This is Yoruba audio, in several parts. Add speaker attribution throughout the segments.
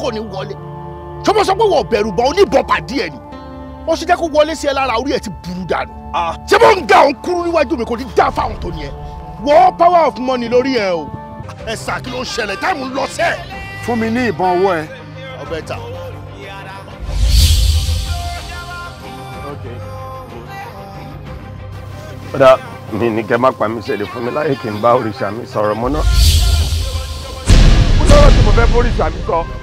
Speaker 1: kò ní wọlé
Speaker 2: ṣé mo sọ pé wọ́n bẹ̀rù bọ́ oníbọ̀bà díẹ̀ ni wọ́n ṣe jẹ́ kó wọlé sí ẹ lára orí ẹ̀ ti burú dànù.
Speaker 3: Ah. ṣé mo ń ga òun kúrú níwájú mi kò ní dá fáwọn tó ní ẹ wọ́ power of money lórí ẹ o ẹ sà ló ń ṣẹlẹ̀ táìmù ń lọ sẹ́ẹ̀. fún mi ní ìbọn ọwọ́ ẹ. ọbẹ̀ ta.
Speaker 4: kódà mi ní kẹ́ má pa mí ṣẹlẹ̀ fún mi láyé kí n bá òrìṣà mi sọ̀rọ̀ mọ́ náà.
Speaker 5: mo tí mo fẹ́ bóríṣà mi sọ.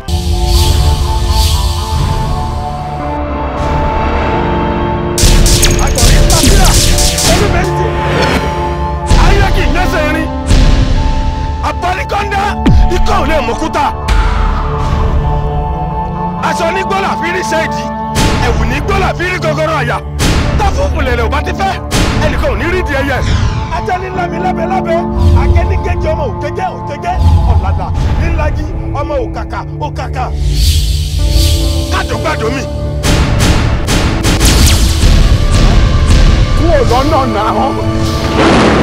Speaker 4: ká ò lè mú kúta aṣọ onígbọ́là fi rí ṣẹ́ẹ̀dì ẹ̀wù nígbọ́là fi rí gogoro àyà tọ́fù mùlẹ̀lẹ̀ ò bá ti fẹ́ ẹnìkan ò ní rí di ajá ní lábẹ́ lábẹ́ lábẹ́ akẹ́ ní gẹ́gẹ́ ọmọ òkẹ́gẹ́ òkẹ́gẹ́ ọ̀làlà nílájí ọmọ òkàkà òkàkà kájọgbàjọ mi.
Speaker 2: kúrò lọ́nà náà.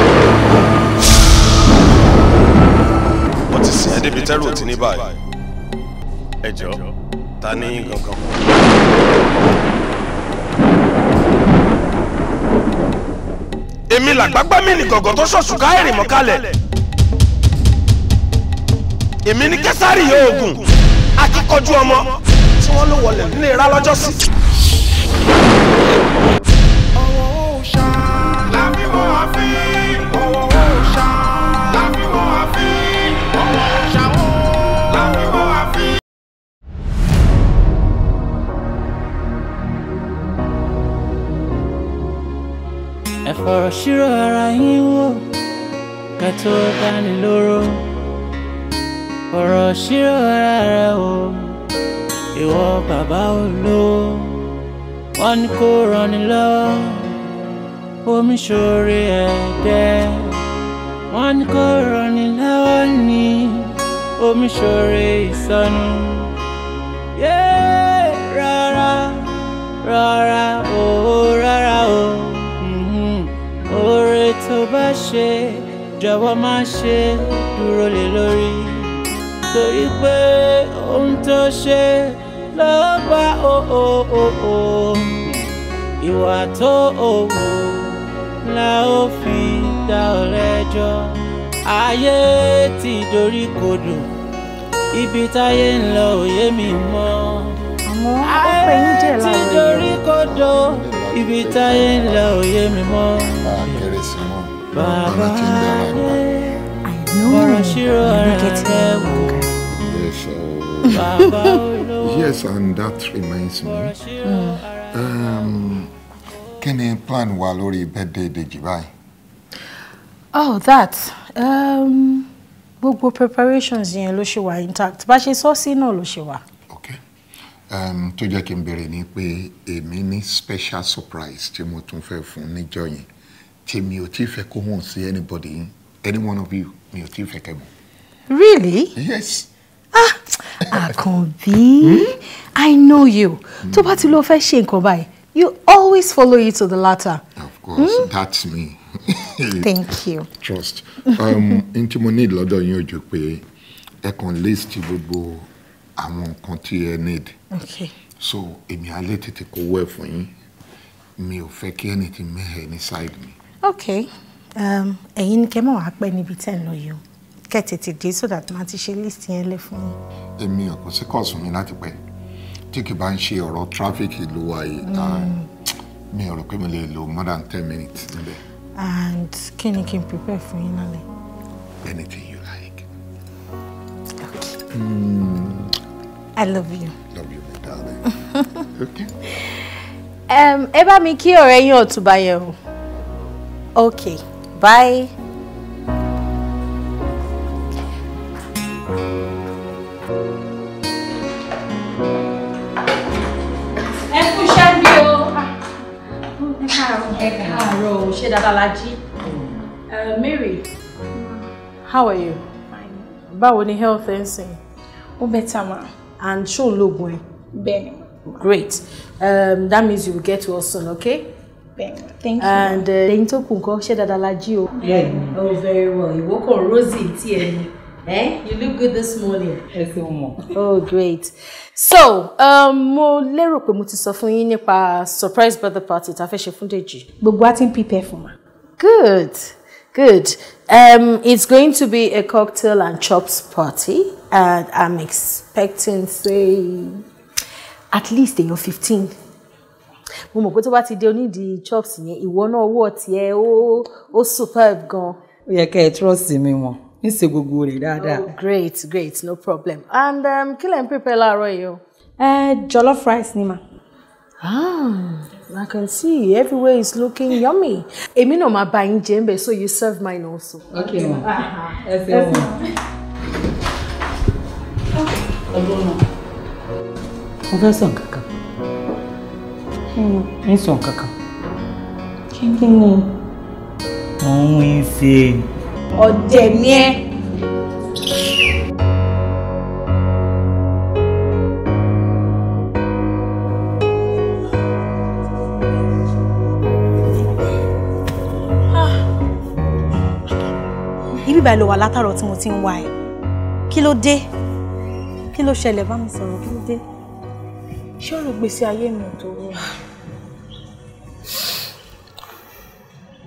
Speaker 4: mo ti sìn ẹ́ débi tẹ́rù ti ní báyìí ẹ jọ ta ní gangan. èmi làgbágbá mi ní gàngàn tó ṣọ̀ṣùká ẹ̀rìn mọ́kálẹ̀ èmi ní kẹsàrì yóò gùn akíkanjú ọmọ tí wọ́n ló wọlé nílé ra lọ́jọ́ sí. ọ̀wọ́ òòṣà láfi wọ́n á fi.
Speaker 6: fọ̀rọ̀ ṣírò ara yín wò ká tó dáni lóró fọ̀rọ̀ ṣírò ara rẹ o ìwọ bàbá olówó wọn ní kó rani lọ́wọ́ omi ṣoore ẹ̀dẹ́ wọn ní kó rani lọ́wọ́ ní omi ṣoore ìsọnù yé rárá rárá òórá. fẹ́ ṣe jọ̀wọ́ má ṣe dúró lé lórí torí pé ohun tó ṣe ló bá òòó ìwà tó òwò la ó fi dá ọ lẹ́jọ́ ayé ti dorí kodò ibi táyé ń lọ òye mi mọ́ ayé ti dorí kodò ibi táyé ń lọ òye mi mọ́.
Speaker 3: I know you ara rẹ̀ wò. Yes, yes, and that reminds me. Um, kí ni plan wa lórí birthday Dèjì July?
Speaker 7: Oh, that. Um, gbogbo preparations yẹn ló ṣe wà intact bá ṣe sọ́ọ̀sì náà ló ṣe wà. okay
Speaker 3: um, tó jẹ́ kí n béèrè ni pé èmi ní special surprise tí mo tún fẹ́ fún níjọ́ yẹn tèmi ò tí ì fẹ́ kó hàn sí anybody any one of you mi ò tí ì fẹ́ kẹ́
Speaker 7: really.
Speaker 3: yes. ah àkànbí hmm?
Speaker 7: i know you tó bá ti lọ fẹ́ ṣe nǹkan báyìí you always follow you to the latter.
Speaker 3: of course hmm? that's me. thank you. trust um, n tí mo need lọ́dọ̀ yín ò jù pé ẹ kàn list gbogbo àwọn nǹkan tí ẹ need. okay. so èmi á lè tètè kó wẹ̀ fún yín mi ò fẹ́ kí anything mẹ́hẹ̀ ní side mi
Speaker 7: ok um, ẹ̀yin ni kẹ́ mọ̀ wá pẹ́ níbi tẹ́ ń lọ yìí o kẹ́ tètè dé so that máa ti ṣe list yẹn lẹ̀ fún yín.
Speaker 3: èmi ò kò sí kọ̀sùn mi láti pẹ́ tí kì bá ń ṣe ọ̀rọ̀ traffic ló wà yìí mm. ah, mi ò rò pé mo lè lo more than ten minutes níbẹ̀.
Speaker 7: and kí ni kí n prepare fún yín lálẹ́.
Speaker 3: anything you like. okay. Mm. I love you. Love you, my darling.
Speaker 7: okay. Um, ẹ bá mi kí ọ̀rẹ́ yín Ọ̀túnba yẹn o. Okay, bye. Ẹ kú iṣẹ́ mi o. Ẹ káàárọ̀. Ẹ mm. eh, Mary, how are you? Fine. Báwo ni health ẹ̀ ń sìn? ma. And show lóògùn ẹ? Ben. Great. Um, that means you will get well soon, okay? Thank you. And eh, ẹ̀yin tó kù nǹkan ṣé dáadáa la jí Oh very well. You kò rosy tí ẹ Eh? You look good this morning. Yes, ṣeun Oh great. So, um, mo lérò pé mo ti sọ fún surprise birthday party tá a fẹ́ ṣe fún Dèjì. Gbogbo a prepare fún wa. Good, good. Um, it's going to be a cocktail and chops party and I'm expecting say at least in your fifteen mo mọ̀ pé tó bá ti dé onídìí chops yẹn ìwọ náà ọwọ́ tiẹ̀ ó ó superb gan. ó yẹ kẹ́ ẹ trust mi wọn ń ṣe gbogbo rẹ̀ dáadáa. oh great great no problem and um, kí lẹ̀ ń prepare láàárọ̀ yìí o. ẹ jollof rice ni mà. ah I can see everywhere is looking yummy. Èmi náà máa bá yín jẹ ńbẹ̀ so you serve mine also. Okay ma. Ah, ah.
Speaker 1: Ẹ ṣe wọn.
Speaker 5: Mo fẹ́ sọ nǹkan kan ń sọ nǹkan kan.
Speaker 1: kí
Speaker 7: ni.
Speaker 5: òun ń ṣe.
Speaker 7: ọ̀dẹ̀ ni ẹ́. báyìí ló wà látàrọ tí mo ti ń wá ẹ kí ló dé kí ló ṣẹlẹ̀ bá mi sọ̀rọ̀ kí ló dé ṣé ọ̀rọ̀ gbèsè ayé mi tó rọ.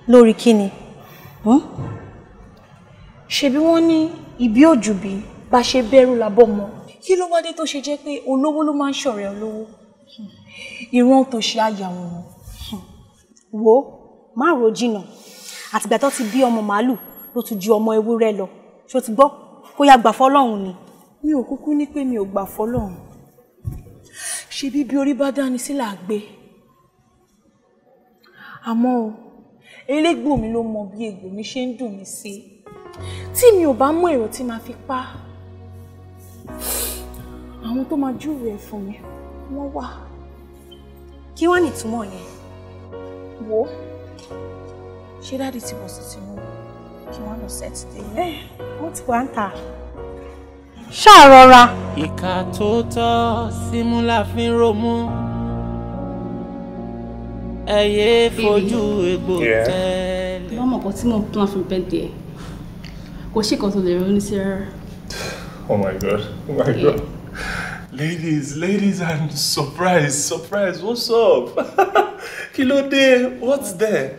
Speaker 7: lórí kíni ṣebí wọ́n ní ibi òjùbí bá ṣe bẹ̀rù labọmọ kí ló wá dé tó ṣe jẹ́ pé olówó ló máa ń ṣọ̀rẹ́ olówó ìran tó ṣe àyàwó wọn. wo má ro jìnnà àtìgbà tó ti bí ọmọ màálù ló tún ju ọmọ ewúrẹ́ lọ ṣó ti gbọ́ kó yá gbà fọ́lọ́run ni. mi ò kúkú ní pé mi ò gbà fọ́lọ́run ṣebí bí orí bá dání sílà gbé àmọ́ o elégbò mi ló mọ bí egbò mi ṣe ń dùn mí sí tí mi ò bá mú èrò tí màá fi pa àwọn tó máa júwe ẹ̀ fún mi wọ́n wà. kí wọ́n ní ìtumọ̀ yẹn. wo ṣé dáàdi ti bọ̀ sí tinubu kí wọ́n lọ sẹ́ẹ̀tì délé. ẹ wọ́n ti wá ń
Speaker 6: ta ṣáà rọra. ìka tó tọ́ símú la fi ń romú ẹ yé fojú egbò
Speaker 7: tẹ́lẹ̀. lọ́mọ kan tí mo plan fún birthday ẹ̀ kò ṣe kan tó lè ronú sí rárá.
Speaker 2: oh my god oh my god ladies ladies i'm surprised Surprise. what's up kí ló dé what's there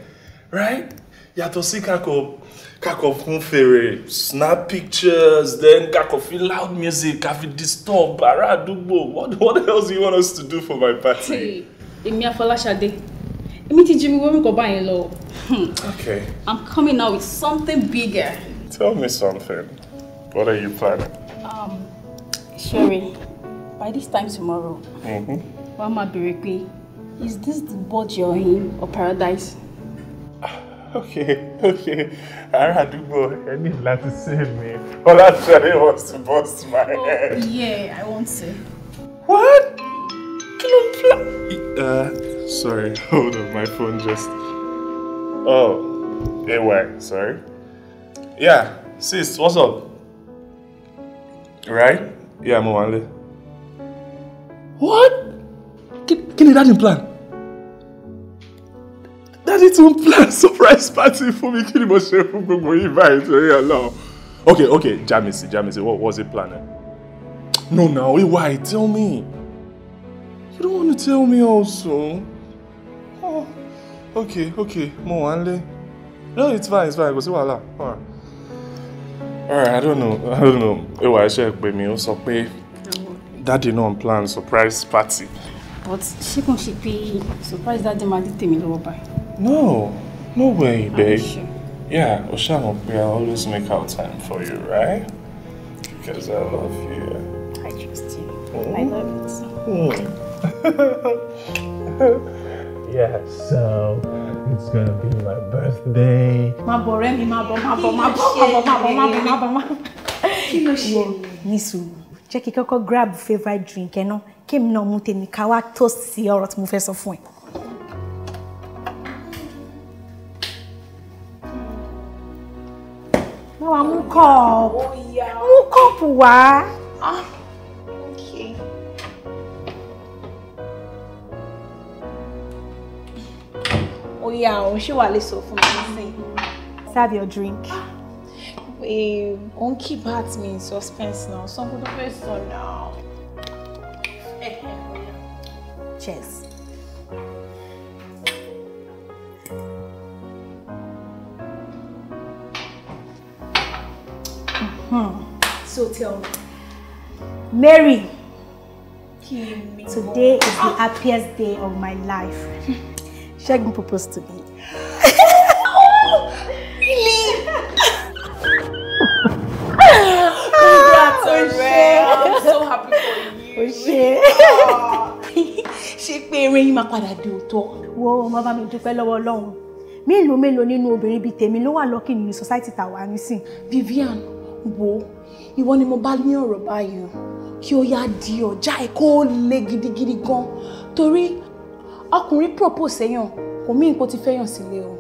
Speaker 2: right yàtọ̀ sí kakọ kakọ fún fèrè snap pictures then kakọ fi loud music kafi disturb ará àdúgbò what what else do you want us to do for my party.
Speaker 7: èmi àfọláṣadé. Hey èmi Jimmy, where we go mi kò báyìí
Speaker 2: hmm. okay.
Speaker 7: i'm coming out with something bigger.
Speaker 2: tell me something what are you planning.
Speaker 7: Um, sherry by this time tomorrow. Mm-hmm. wàá máa béèrè pé is this the boat you're in or paradise.
Speaker 2: okay okay I had to go. Any àdúgbò to save me? All mi ọlá sẹrí wants to bust my oh, head. oh yeah i want to. what Uh. Sorry, hold up, my phone just. Oh, worked, sorry. Yeah, sis, what's up? Right? Yeah, I'm Mwanle. What? Kí ni daddy plan? Daddy tún plan surprise party for me. kí ni mo ṣe fún gbogbo Okay, okay, Jamisi, Jamisi, what was it planning? No, now, why? Tell me. You don't want to tell me also. okay okay mo wà ń no it's fine it's fine kò sí wàhálà alright alright i don't know i don't know ewa iṣẹ́ pè mí ó sọ pé dáàdi náà plan surprise party.
Speaker 7: but ṣé kò ṣe pé surprise dáàdi máa dé tèmi lọ́wọ́ báyìí.
Speaker 2: no no way babe yeah o ṣàmọ̀ pé i always make out time for you right because i love you. i trust you mm. i oh. love you. Mm. Yeah, so it's gonna be my birthday.
Speaker 7: Má bọ̀ ọ̀rẹ́ mi, má bọ̀, má bọ̀, má bọ̀, má bọ̀, má bọ̀, má bọ̀, má bọ̀, má bọ̀. Kí ló ṣe? Ní sùúrù, jẹ́ kí kọ́kọ́ grab favourite drink ẹ̀ náà, kí èmi náà mú tèmi ká wá toast sí ọ̀rọ̀ tí mo fẹ́ sọ fún ẹ. Má wàá mú kọ́ọ̀pù, mú kọ́ọ̀pù wá. Ah. bóyá òun ṣì wà lè sọ fún mi nísìnyí. serve your drink. òun ah, eh, keep at me in suspense now sanko to fẹ́ sọ now. cheers. Hmm. So tell me. Mary, Kimi. today is the ah! happiest day of my life. Shagun proposed to me. oh, really? Congrats, Oshe. I'm so happy for you. Oshe. Ṣé pé eré yín máa padà di òótọ́? Wo máa bá mi dúpẹ́ lọ́wọ́ Ọlọ́run. Mélòó mélòó nínú obìnrin bíi tèmi ló wà lọ́kì nínú society tàwa nísìn. Vivian, wo ìwọ ni mo bá ní ọ̀rọ̀ báyìí kí ó yá di ọjà ẹ̀ kó lè gidigidi gan torí ọkùnrin propose èèyàn kò mí nǹkan ti fẹ́yàn sílé o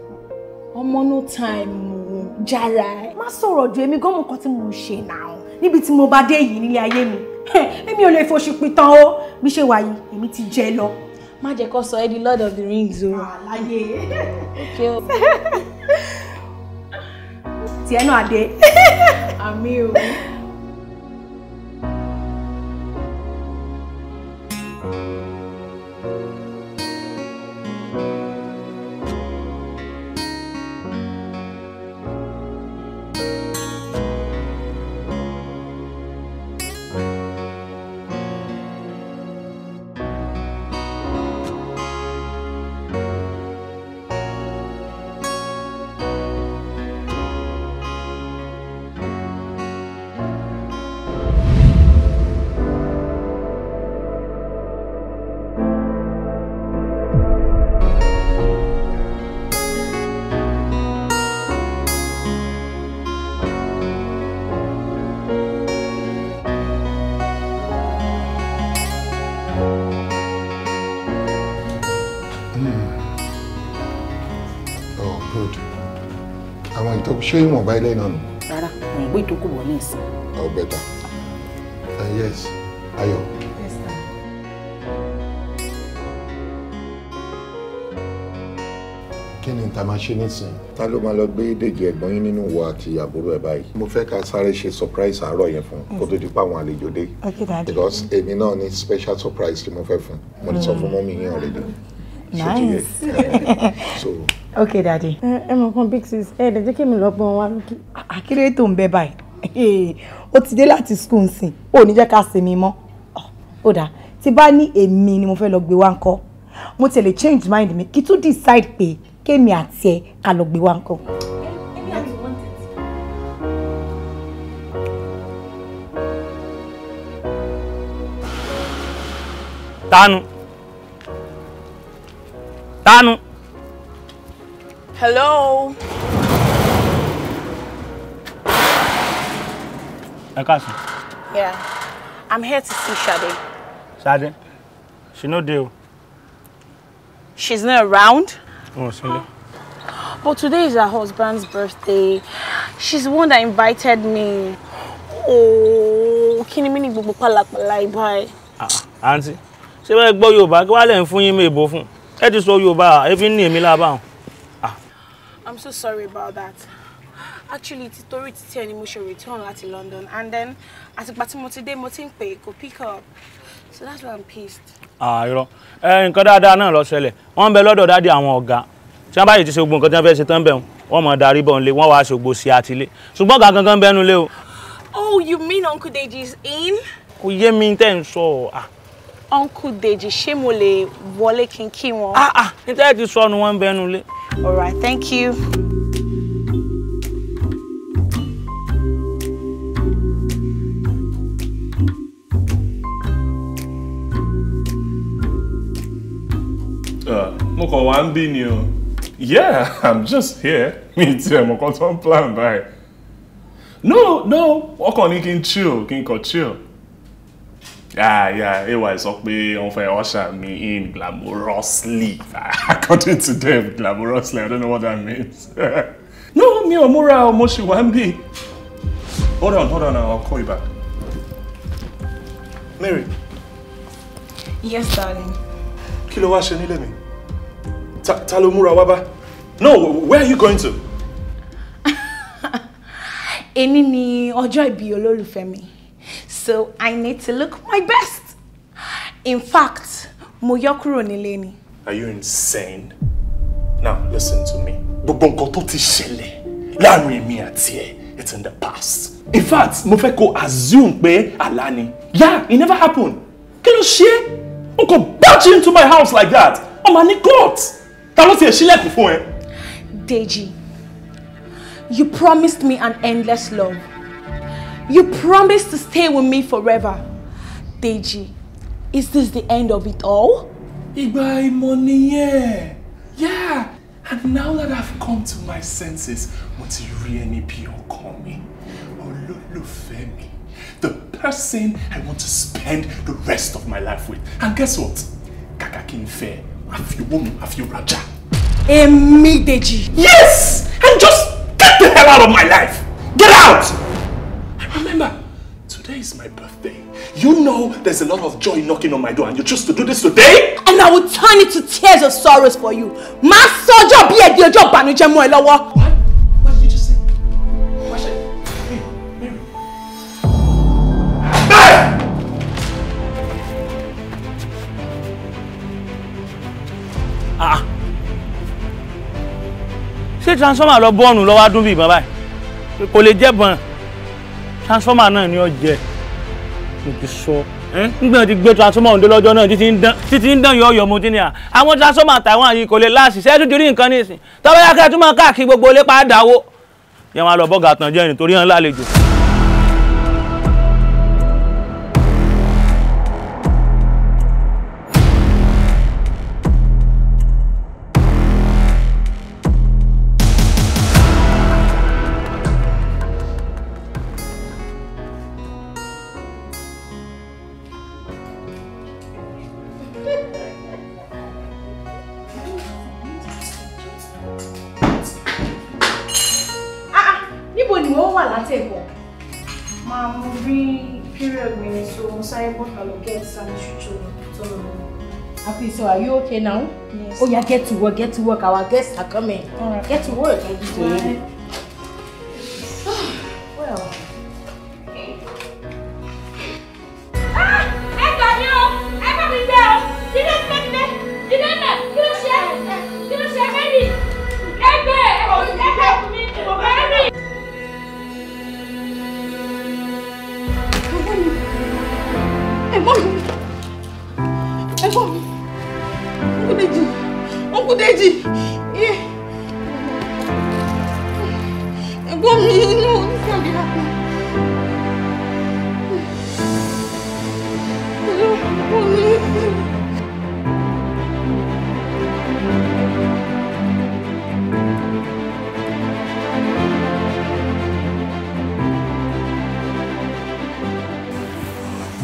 Speaker 7: ọmọ no time o jára ẹ. má sọ̀rọ̀ ju èmi gan mọ̀ kan tí mo ń ṣe náà níbi tí mo bá dé yìí nílé ayé mi èmi ò lè foṣù pitan o bí ṣe wà èmi ti jẹ lọ. má jẹ́ kó sọ ẹ́ di Lord of the Rings o. àlàyé tiẹ̀ náà dé. àmì o.
Speaker 3: ṣé ìwọ̀nba ilé náà nù. rárá mo ń gbé ìtókù wọ ní ìsìn. ọ bẹta ah, yes ayọ. Yes, kí ni ta máa ṣe nísìnyí. ta ló máa lọ gbé dèjì ẹ̀gbọ́n yín nínú wo àti àbúrò ẹ̀ báyìí. mo fẹ́ ká sáré ṣe surprise àárọ̀ yẹn fún kó tó di pa àwọn àlejò dé. because èmi náà ní special surprise tí mo fẹ́ fún mo ti sọ fún mọ́mí yín already. nice so ok daddy.
Speaker 7: ẹ mọ̀ kan big sis ẹ dẹ̀ jẹ́ kí èmi lọ gbọ́n wa lókè. àkíré ah, tó ń bẹ báyìí eh, ó ti dé láti school nsìn ò ní jẹ́ ká sinmi mọ́ ah, ó dáa tí bá ní èmi ni mo fẹ́ lọ gbé wa ńkọ́ mo tẹ̀lé change mind mi kí tún decide pé kémi àti ẹ ká lọ gbé wa ńkọ́.
Speaker 5: tanu tanu. Hello. Ẹ káàsán.
Speaker 7: Yeah. I'm here to see Shade.
Speaker 5: Shade? She no dey
Speaker 7: She's not around? Oh, sorry. Oh. But today is her husband's birthday. She's the one that invited me. Oh, kí ni mi ní gbogbo pálapàla báyìí. Ah,
Speaker 5: aunty. Ṣé wá gbọ́ Yorùbá kí wá lè ń fún yín mebo fún. Ẹ ti sọ Yorùbá, ẹ fi ní
Speaker 7: I'm so sorry about that. Actually, títorí títí ẹni mo ṣe return to London and then as tí mo ti dé mo ti ń pick up so that's why I'm pissed.
Speaker 5: Àìrọ̀ ah, ẹ eh, nǹkan dáadáa náà lọ ṣẹlẹ̀ wọ́n ń bẹ lọ́dọ̀ dáàdi àwọn ọ̀gá tí wọ́n bá yìí ti ṣe gbogbo nǹkan tí wọ́n fẹ́ ṣe tán bẹ̀ wọ́n mọ̀ darí bọ̀ nílé wọ́n wá ṣògbó sí àtìlé ṣùgbọ́n ọ̀gá gangan bẹ́nu lé
Speaker 7: Oh, you mean Uncle Deji is in?
Speaker 5: Kò yé mi tẹ́ ń sọ ah.
Speaker 7: Uncle Deji ṣé mo lè wọlé kí n kí wọn? Ah
Speaker 5: ah, nítorí ti sọnù wọn ń bẹnu lé. All
Speaker 7: right, thank you.
Speaker 2: Uh, mo kàn wá ń ni o yeah i'm just here mi tiẹ̀ mo kàn tó plan by. no no ọkàn ni kí chill kin ko chill. Ah, yeah, yeah, AY sọ pé wọ́n fẹ́ usher me in glamorously. According to them, glamorously, I don't know what that means. no, mi ò múra o, mo ṣì wá ń bì. Hold on, hold on, I'll call you back. Mary. Yes, darling. Kí ló wá ṣe nílé mi? Ta, ta ló múra wá bá? No, where are you going to?
Speaker 7: Èmi ni ọjọ́ ìbí olólùfẹ́ mi. So I need to look my best. In fact, mo yọ
Speaker 2: Are you insane? Now listen to me. Gbogbo nǹkan tó ti ṣẹlẹ̀ láàrin èmi àti it's in the past. In fact, mo assumed me assume pé Yeah, it never happened. Can you ṣe é? O barge into my house like that. I'm ní court. Ta ló ti ẹ̀ ṣílẹ̀kùn fún ẹ?
Speaker 7: Deji, you promised me an endless love. You promised to stay with me forever. Deji, is this the end of it
Speaker 2: all? Igba money, yeah. Yeah. And now that I've come to my senses, what you really be or call me? Ololufemi. The person I want to spend the rest of my life with. And guess what? Kakakin fair. Afi woman, few raja. Emi Deji. Yes! And just get the hell out of my life! Get out! Remember, today is my birthday. You know there's a lot of joy knocking on my door and you choose to do this today? And I will turn it to tears of sorrows for you. Má sọjọ́ bí ẹ̀dí e ọjọ́ ìbànújẹ́
Speaker 8: mọ́ ẹ e lọ́wọ́. What? What did you just say? What Hey, Mary.
Speaker 5: Mary! Ah, ah. Ṣé transformer lọ bọ́ọ̀nù lọ́wọ́ adún bíi bàbá ẹ̀? Kò lè jẹ́ bọ̀n transformer náà ni ó jẹ mo ti sọ nígbà tí gbé transformer òǹdó lọ́jọ́ náà títí ń dán yọ̀ọ̀yọ̀ mo ti ní à àwọn transformer Taiwan yìí kò lè láàṣì ṣẹ́ẹ́dù torí nǹkan ní ìsìn tọ́wọ́ yá kẹ́ẹ̀tún máa káàkiri gbogbo ilé padà wo yẹn wọn lọ bọ́gà àtànjẹ́ ìrìn torí hàn lálejò.
Speaker 7: So are you okay now? Yes. Oh yeah, get to work, get to work. Our guests are coming. All right. Get to work. Bye.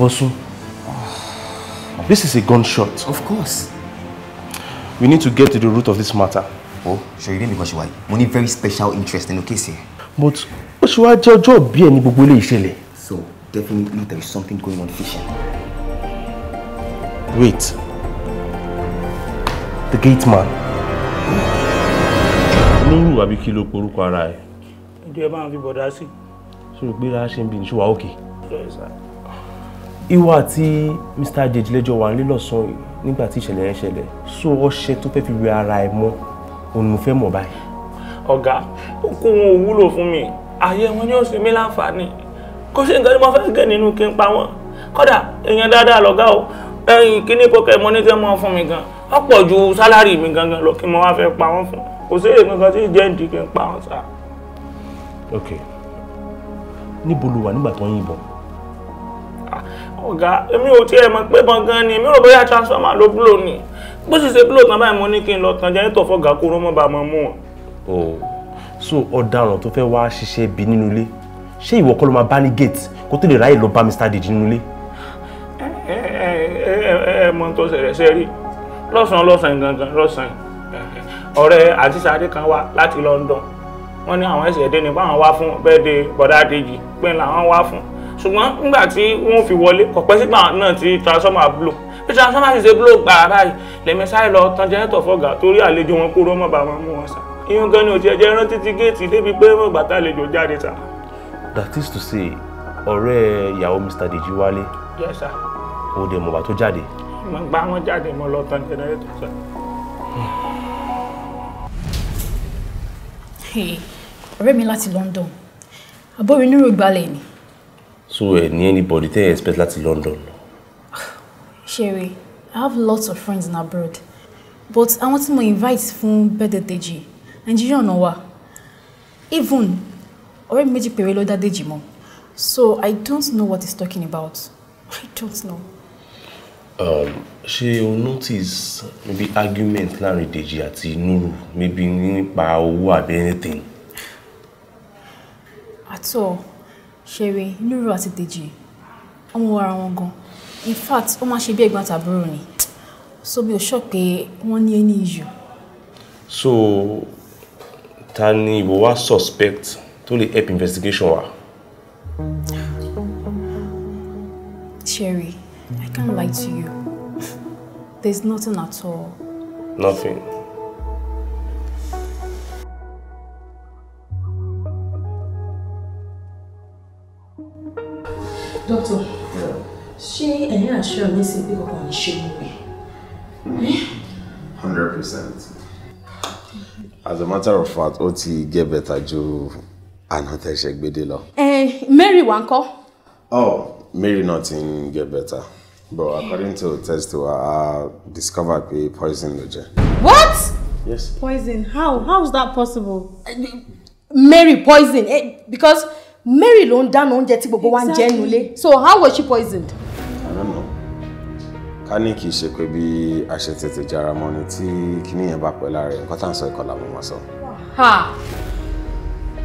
Speaker 8: Bosun, this is a gunshot. Of course. We need to get to the root of this matter. Oh, Ṣòyìdé nìkan ṣe wáyé. Mo ní very special interest in kéèsì ẹ̀. But ó ṣe wá jẹ́ ọjọ́ bí ẹni gbogbo So definitely there is something going on fishing. Wait. The gate man. Olórù àbí kí ló porúkọ ara ẹ̀?
Speaker 5: Ǹjẹ́ ẹ máa fi bọ̀dá sí?
Speaker 8: Ṣé o gbéra ṣe Yes, sir ìwọ àti Mr. Àjèjì lẹ́jọ́ wà nílé lọ́sàn nígbà tí ìṣẹ̀lẹ̀ yẹn ṣẹlẹ̀ so ọṣẹ tó fẹ́ fi wẹ ara ẹ̀ mọ́ òun fẹ́ mọ̀ báyìí.
Speaker 5: ọ̀gá ó kó wọn ò wúlò fún mi ààyè wọn ni ó sì mí láǹfààní kó ṣe nǹkan tí mo fẹ́ gẹ̀ nínú kí n pa wọn kódà èèyàn dáadáa lọ́gá o ẹyin kíní pọ́kẹ́ mọ́ ní tẹ́ mọ́ fún mi gan ó pọ̀ ju sálárì mi gangan lọ kí mo wá fẹ́ pa wọ́n fún kò sí èrè kankan tí ìjẹ́ ìdí kí n pa wọ́n sá.
Speaker 8: ok níbo lo wà nígbà tó ń
Speaker 5: yìnbọn ọ̀gá èmi ò tiẹ̀ mọ̀ pé gbọ̀ngàn ni èmi rò bóyá transformer ló búlò ni bó sì ṣe búlò tán báyìí mo ní kí n lọ tan jẹ́nítọ̀ fọ́gà kó rọ́mọ́ bá mọ́ mú wọn.
Speaker 8: o so ọ̀daràn tó fẹ́ wá ṣiṣẹ́ bí nínú ilé ṣé ìwọ kọ́ ló máa bá ní gate kó tó lè ráyè lọ bá Mr. Dèjì nínú ilé.
Speaker 5: ẹ ẹ ẹ ẹ mọ tó ṣẹlẹ̀ ṣe rí lọ́sàn-án lọ́sàn-án gangan lọ́sàn-án ọ̀rẹ́ àti sáré kan wá láti London wọ́n ní àwọn ẹ̀sẹ̀ dé ní báwọn wá fún bẹ́ẹ̀ de bọ̀dá Dèjì pé làwọn wá fún ṣùgbọ́n nígbà tí wọ́n fi wọlé kọ̀pẹ́ sígbà náà tí transformer blow bí transformer sì ṣe blow gbà báyìí lẹ́mẹ̀sáì lọ tan jẹ́nẹ́tọ̀ fọ́gà torí àlejò wọn kó rọ́mọ̀ bá mú wọn sá iyún gan ni ò ti ẹjẹ́ rántí ti géètì débi pé wọ́n gbà tá àlejò jáde sá.
Speaker 8: that is to say ọ̀rẹ́ ìyàwó Mr. Deji wálé yes sir ó dẹ̀ mọ̀gbà tó jáde.
Speaker 5: mo gbá wọn jáde mo lọ tan jẹ́nẹ́tọ̀ sá.
Speaker 7: ọ̀rẹ́ mi láti London àbórinú rògbàlẹ̀ ni
Speaker 8: so ẹ eh, ní anybody tẹ́ ẹ expect láti London.
Speaker 7: Sherry, I have lots of friends in abroad but àwọn tí mo invite from better Deji and you don't know wa even already made méjì péré that Deji mọ́ so I don't know what he's talking about I don't know.
Speaker 8: Um, she o notice maybe argument láàrin Deji àti Nuru maybe by owó àbí anything.
Speaker 7: at all ṣeré lúrú àti dèjì ọmọ wa ara wọn gan in fact ó máa ṣe bí ẹ̀gbọ́n àtàbúrò ni so mi ò sọ pé wọ́n ní any issue.
Speaker 8: so ta ni ìwọ wá suspect tó lè help investigation wa.
Speaker 7: Sherry, I can't lie to you. There's nothing at all. Nothing. Doctor, ṣé ẹ̀yin àṣẹ mi sí pé kọ̀ọ̀kan ní ṣe mú mi?
Speaker 4: Hmm. Hundred percent. As a matter of fact, ó ti get better ju àná tẹ̀sẹ̀ gbédè lọ.
Speaker 7: Mary wà ń kọ́.
Speaker 4: Oh, Mary nothing get better. But according to test to her, I discovered pé poison ló jẹ. What? Yes.
Speaker 7: Poison? How? How is that possible? Mary poison? Eh, because. Mary ló ń dáná oúnjẹ tí gbogbo wa ń jẹ nulẹ̀. So how was she poisoned?
Speaker 4: I don't know. Ká ní kì í ṣe pé bí a ṣe tètè jara mọ́ ni tí kinní yẹn bá pẹ́ lára ẹ̀ nǹkan tá à ń sọ ìkọlà mo máa sọ.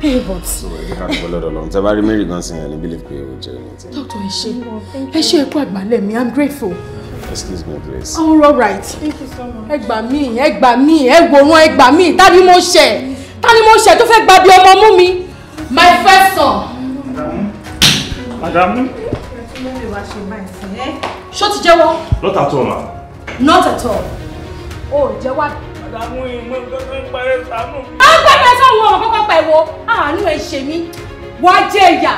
Speaker 7: Pivot. So ẹ
Speaker 4: jẹ́ ká dúpẹ́ lọ́dọ̀ lọ́run. Tẹ́ bá rí Mary gan sin yẹn ní believe pé o jẹ́ ẹni tí.
Speaker 7: Dọ́kítọ̀ ẹ ṣé ẹ ṣé ẹ kú àgbálẹ̀ mi, I'm grateful.
Speaker 4: Excuse me, please.
Speaker 7: I'm all right. Thank you so much. Ẹ gbà mí, ẹ gbà mí, ẹ wòran, ẹ gbà mí, ta ni mo ṣẹ̀, ta ni mo ṣẹ̀ tó fẹ́ gba bí ọmọ mú mi my first son. Madam. Shut ti jaw. Not at all, ma. Not at all. O jẹ́wọ́. Madam, ìmọ̀ ìgbẹ́ pẹ̀lú sànú. A ń pẹ́ pẹ́ sọ́wọ́ ọ̀rọ̀ kọ́kọ́ pa ẹ̀wọ̀. Àánú ẹ̀ ṣe mí. Wàá jẹ ìyà.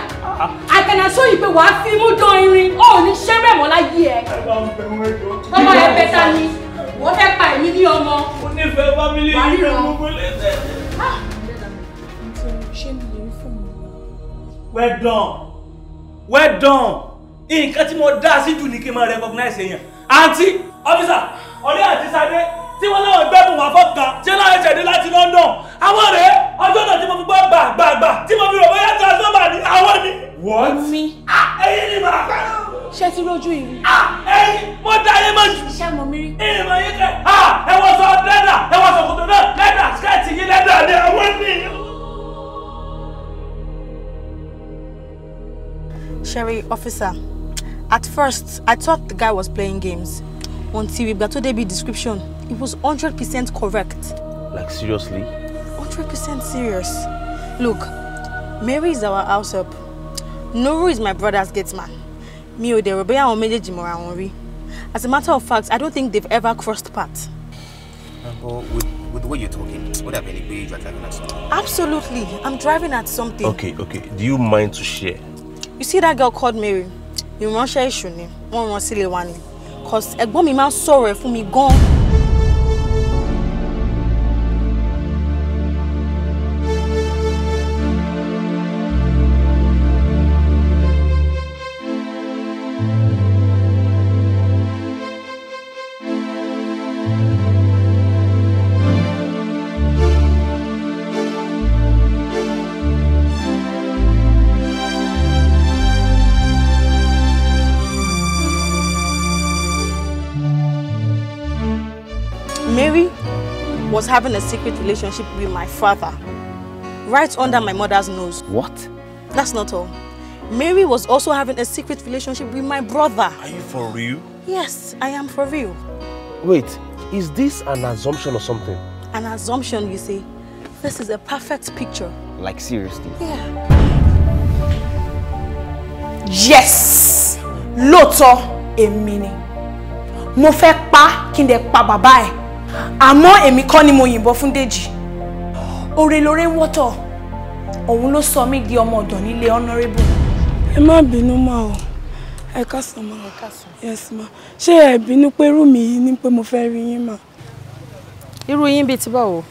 Speaker 7: Àtẹ̀nà sọ yìí pé wàá fi mú dán irin. O ò ní ṣẹ́ mẹ́mọ́ láyé ẹ̀. Ọmọ ẹ̀ bẹ ta ni.
Speaker 5: Wọ́n fẹ́ pa ẹ̀mí ní ọmọ. Mo nífẹ̀ẹ́ fámílì yìí fẹ́ mú gbólé tẹ̀. Ah
Speaker 7: ṣe nìyẹn fún mi.
Speaker 5: well done well done nǹkan tí mo dá sí jù ní kí n máa recognize èèyàn àǹtí ọ́fíìsà ọ̀rẹ́ àti sadé tí wọ́n láwọn gbẹ́bùn wà fọ́ọ̀kan tí wọ́n láwọn ṣẹ̀dé láti London àwọn rèé ọjọ́ náà tí mo fi gbọ́ gbà gbà gbà tí mo fi rò bóyá transformer ni àwọn ni. wọ́n mi. ẹyin ni màá
Speaker 7: fẹ́ràn ṣe ti rojú ìrí.
Speaker 5: ẹyin mo da ayé mọ jù. iṣẹ́ mọ̀ mi rí. ìmọ̀ yìí kẹ́ ẹ wọ́n sọ lẹ́dà ẹ wọ́n sọ kòtò náà lẹ́dà skẹ́ẹ̀tì yìí lẹ́dà ni àwọn ní.
Speaker 7: Sherry, officer, at first, I thought the guy was playing games. Until we got to the description, it was 100% correct.
Speaker 8: Like, seriously?
Speaker 7: 100% serious. Look, Mary is our house help. Noru is my brother's gate man. Mi ò dẹ̀ rò or mede jimora mọ̀ra As a matter of fact, I don't think they've ever crossed paths.
Speaker 8: But uh, with, with the way you're talking, would have been way you're driving at something?
Speaker 7: Absolutely. I'm driving at something.
Speaker 8: Okay, okay. Do you mind to share?
Speaker 7: you see that girl called Mary You èṣù ni wọ́n rán sílé wa ni cause ẹ̀gbọ́n mi máa ń sọ̀rọ̀ ẹ̀ sorry for me gone. was having a secret relationship with my father, right under my mother's nose. What? That's not all. Mary was also having a secret relationship with my brother. Are you
Speaker 8: for real?
Speaker 7: Yes, I am for real.
Speaker 8: Wait, is this an assumption or something?
Speaker 7: An assumption, you see. This is a perfect picture.
Speaker 8: Like, seriously?
Speaker 7: Yeah. Yes! Lóòótọ́ èmi ni. Mo pa pa àmọ́ èmi kọ́ ni mo yìnbọn fún Dèjì òrè lóore wọ́tọ̀ òun ló sọ mí di ọmọ ọ̀dọ̀ nílé honourable. ẹ má bínú mà o ẹ ká sàn mà yes ma ṣé ẹ bínú pé irú mi yìí ni pé mo fẹ́ rí yín mà. irú yín bíi ti báwo.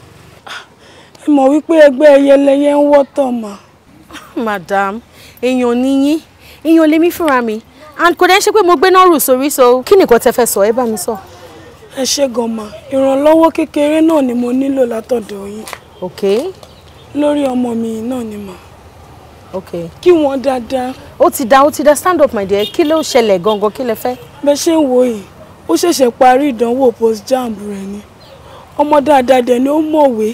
Speaker 7: ẹ mọ̀ wípé ẹgbẹ́ ẹyẹlẹyẹ ń wọ́tọ̀ mà. madam èèyàn ni yín èèyàn lèmi fúnra mi and kò dẹ́ ṣe pé mo gbé náà rù sórí so kí nìkan tẹ fẹ́ sọ ẹ bá mi sọ. So ẹ ṣe gànmà ìrànlọ́wọ́ kékeré náà ni mo nílò látọ̀dọ̀ yín. ok. lórí ọmọ mi náà ni mà. ok. kí wọ́n dáadáa. ó ti da ó ti da stand up my dear kí ló ṣẹlẹ̀ gangan kí lẹ fẹ́. bẹ́ẹ̀ ṣe ń wo yìí ó ṣẹ̀ṣẹ̀ parí ìdánwò postjamb rẹ̀ ni ọmọ dáadáa dẹ̀ ni ó mọ̀wé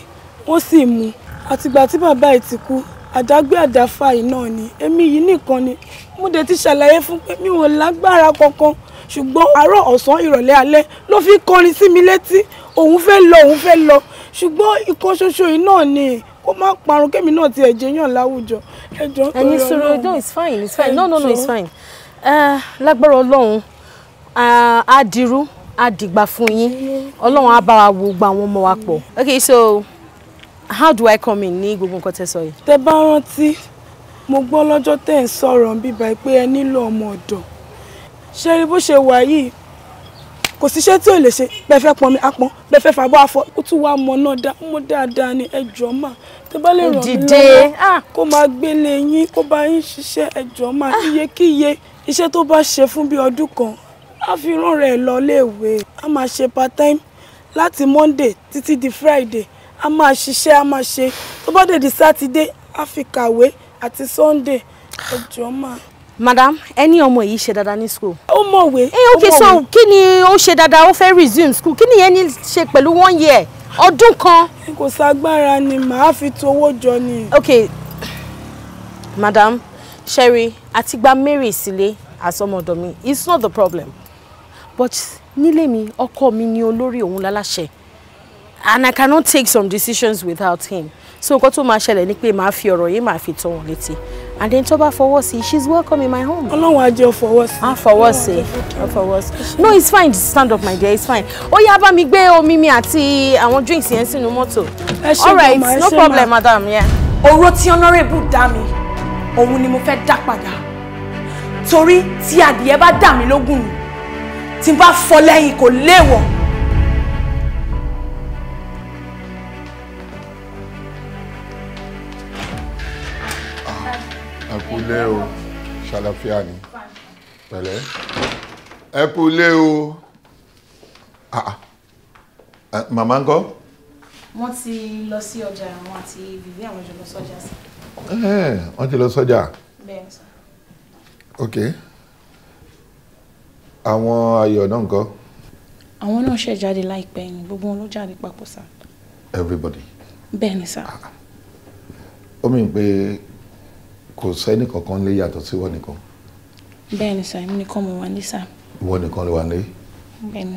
Speaker 7: wọ́n sì mú àtìgbà tí bàbá yìí ti kú àdágbé àdáfà yìí náà ni èmi yìí nìkan ni mo dẹ̀ ti ṣàlàyé fún pé mi ò lágbára kankan ṣùgbọ́n àárọ̀ ọ̀sán ìrọ̀lẹ́ alẹ́ ló fi kọrin sí mi létí òun fẹ́ lọ òun fẹ́ lọ ṣùgbọ́n ikọ́ ṣoṣo yìí náà ni kó má parun kémi náà ti ẹ̀jẹ̀ yàn láwùjọ ẹni sọ̀rọ̀ no it's fine it's fine no no no it's fine lágbára ọlọ́run á dirú á dìgbà fún yín ọlọ́run á bá wa wo gba àwọn ọmọ wa pọ̀. okay so how do i come in ní gbogbo nǹkan tẹ́ sọ yìí. tẹ́ bá rántí mo gbọ́ lọ́jọ́ tẹ́ ń sọ̀rọ̀ bíbá pé ẹ nílò ọmọ ọ̀dọ̀ ṣe rí bó ṣe wà yìí kò síṣẹ́ tí ò lè ṣe bẹ́ẹ̀ fẹ́ pọnmi apọn bẹ́ẹ̀ fẹ́ afọ ó tún wá mọ náà dá mọ́ dáadáa ni ẹjọ́ mà tó bá lè ràn mí lọ́wọ́ ah! kó máa gbélé yín kó bá yín ṣiṣẹ́ ẹjọ́ mà ah! iyekíye iṣẹ́ tó bá ṣe fún bíi ọdún kan á fi rán rẹ̀ lọ léèwé á máa ṣe part time láti monday títí di friday á máa ṣiṣẹ́ á máa ṣe tó bá dé di saturday á fi kàwé àti sunday ẹjọ́ mà madam ẹni ọmọ yìí ṣe dáadáa ní school. ó mọ̀wé. ẹ eh, ok so kí ni ó ṣe dáadáa ó fẹ́ resume school kí ni yẹn ní ṣe pẹ̀lú one year ọdún kan. kò ságbára ni màá fi towó jọ ni. ok madam sherry àti gba mary sílé àsọmọdọ mi it's not the problem but nílé mi ọkọ mi ni olórí òun láláṣẹ and i cannot take some decisions without him so nǹkan tó máa ṣẹlẹ̀ ni pé màá fi ọ̀rọ̀ yìí màá fi tó wọn létí and then tó bá fọwọ́ sí she is welcome in my home. ọlọ́run á jẹ́ ọ̀fọwọ́ sí. á fọwọ́ sí á fọwọ́ sí no it's fine stand up my dear it's fine ó yá bá mi gbé omi mi àti àwọn drinks yẹn sínú mọ́tò. ẹ ṣe all right no problem madam yeah. ọ̀rọ̀ tí honourable dá mi òun ni mo fẹ́ dá padà torí tí adìyẹ bá dà mí lógún ni tí n bá fọ lẹ́yìn kò léèwọ̀.
Speaker 3: kulé o ṣàlàfíà ni pẹ̀lẹ́ ẹ kulé o ah, ah. màmá ń kọ́.
Speaker 7: wọ́n ti lọ sí ọjà àwọn àti bìbí àwọn jọ lọ sọ́jà sí.
Speaker 3: Eh, wọ́n ti lọ sọ́jà. bẹ́ẹ̀ ni sọ. ok àwọn ayọ̀ náà ń kọ́.
Speaker 7: àwọn náà ṣe jáde láìpẹ́ yìí gbogbo wọn ló jáde papọ̀ sá. everybody. bẹ́ẹ̀ ni sá. Ah,
Speaker 3: ó mìíràn pé kò sẹ́ni kankan lé yàtọ̀ sí wọ́n nìkan.
Speaker 7: bẹ́ẹ̀ ni sà èmi nìkan mo wà ní sà.
Speaker 3: ìwọ nìkan ló wà ní. bẹ́ẹ̀ ni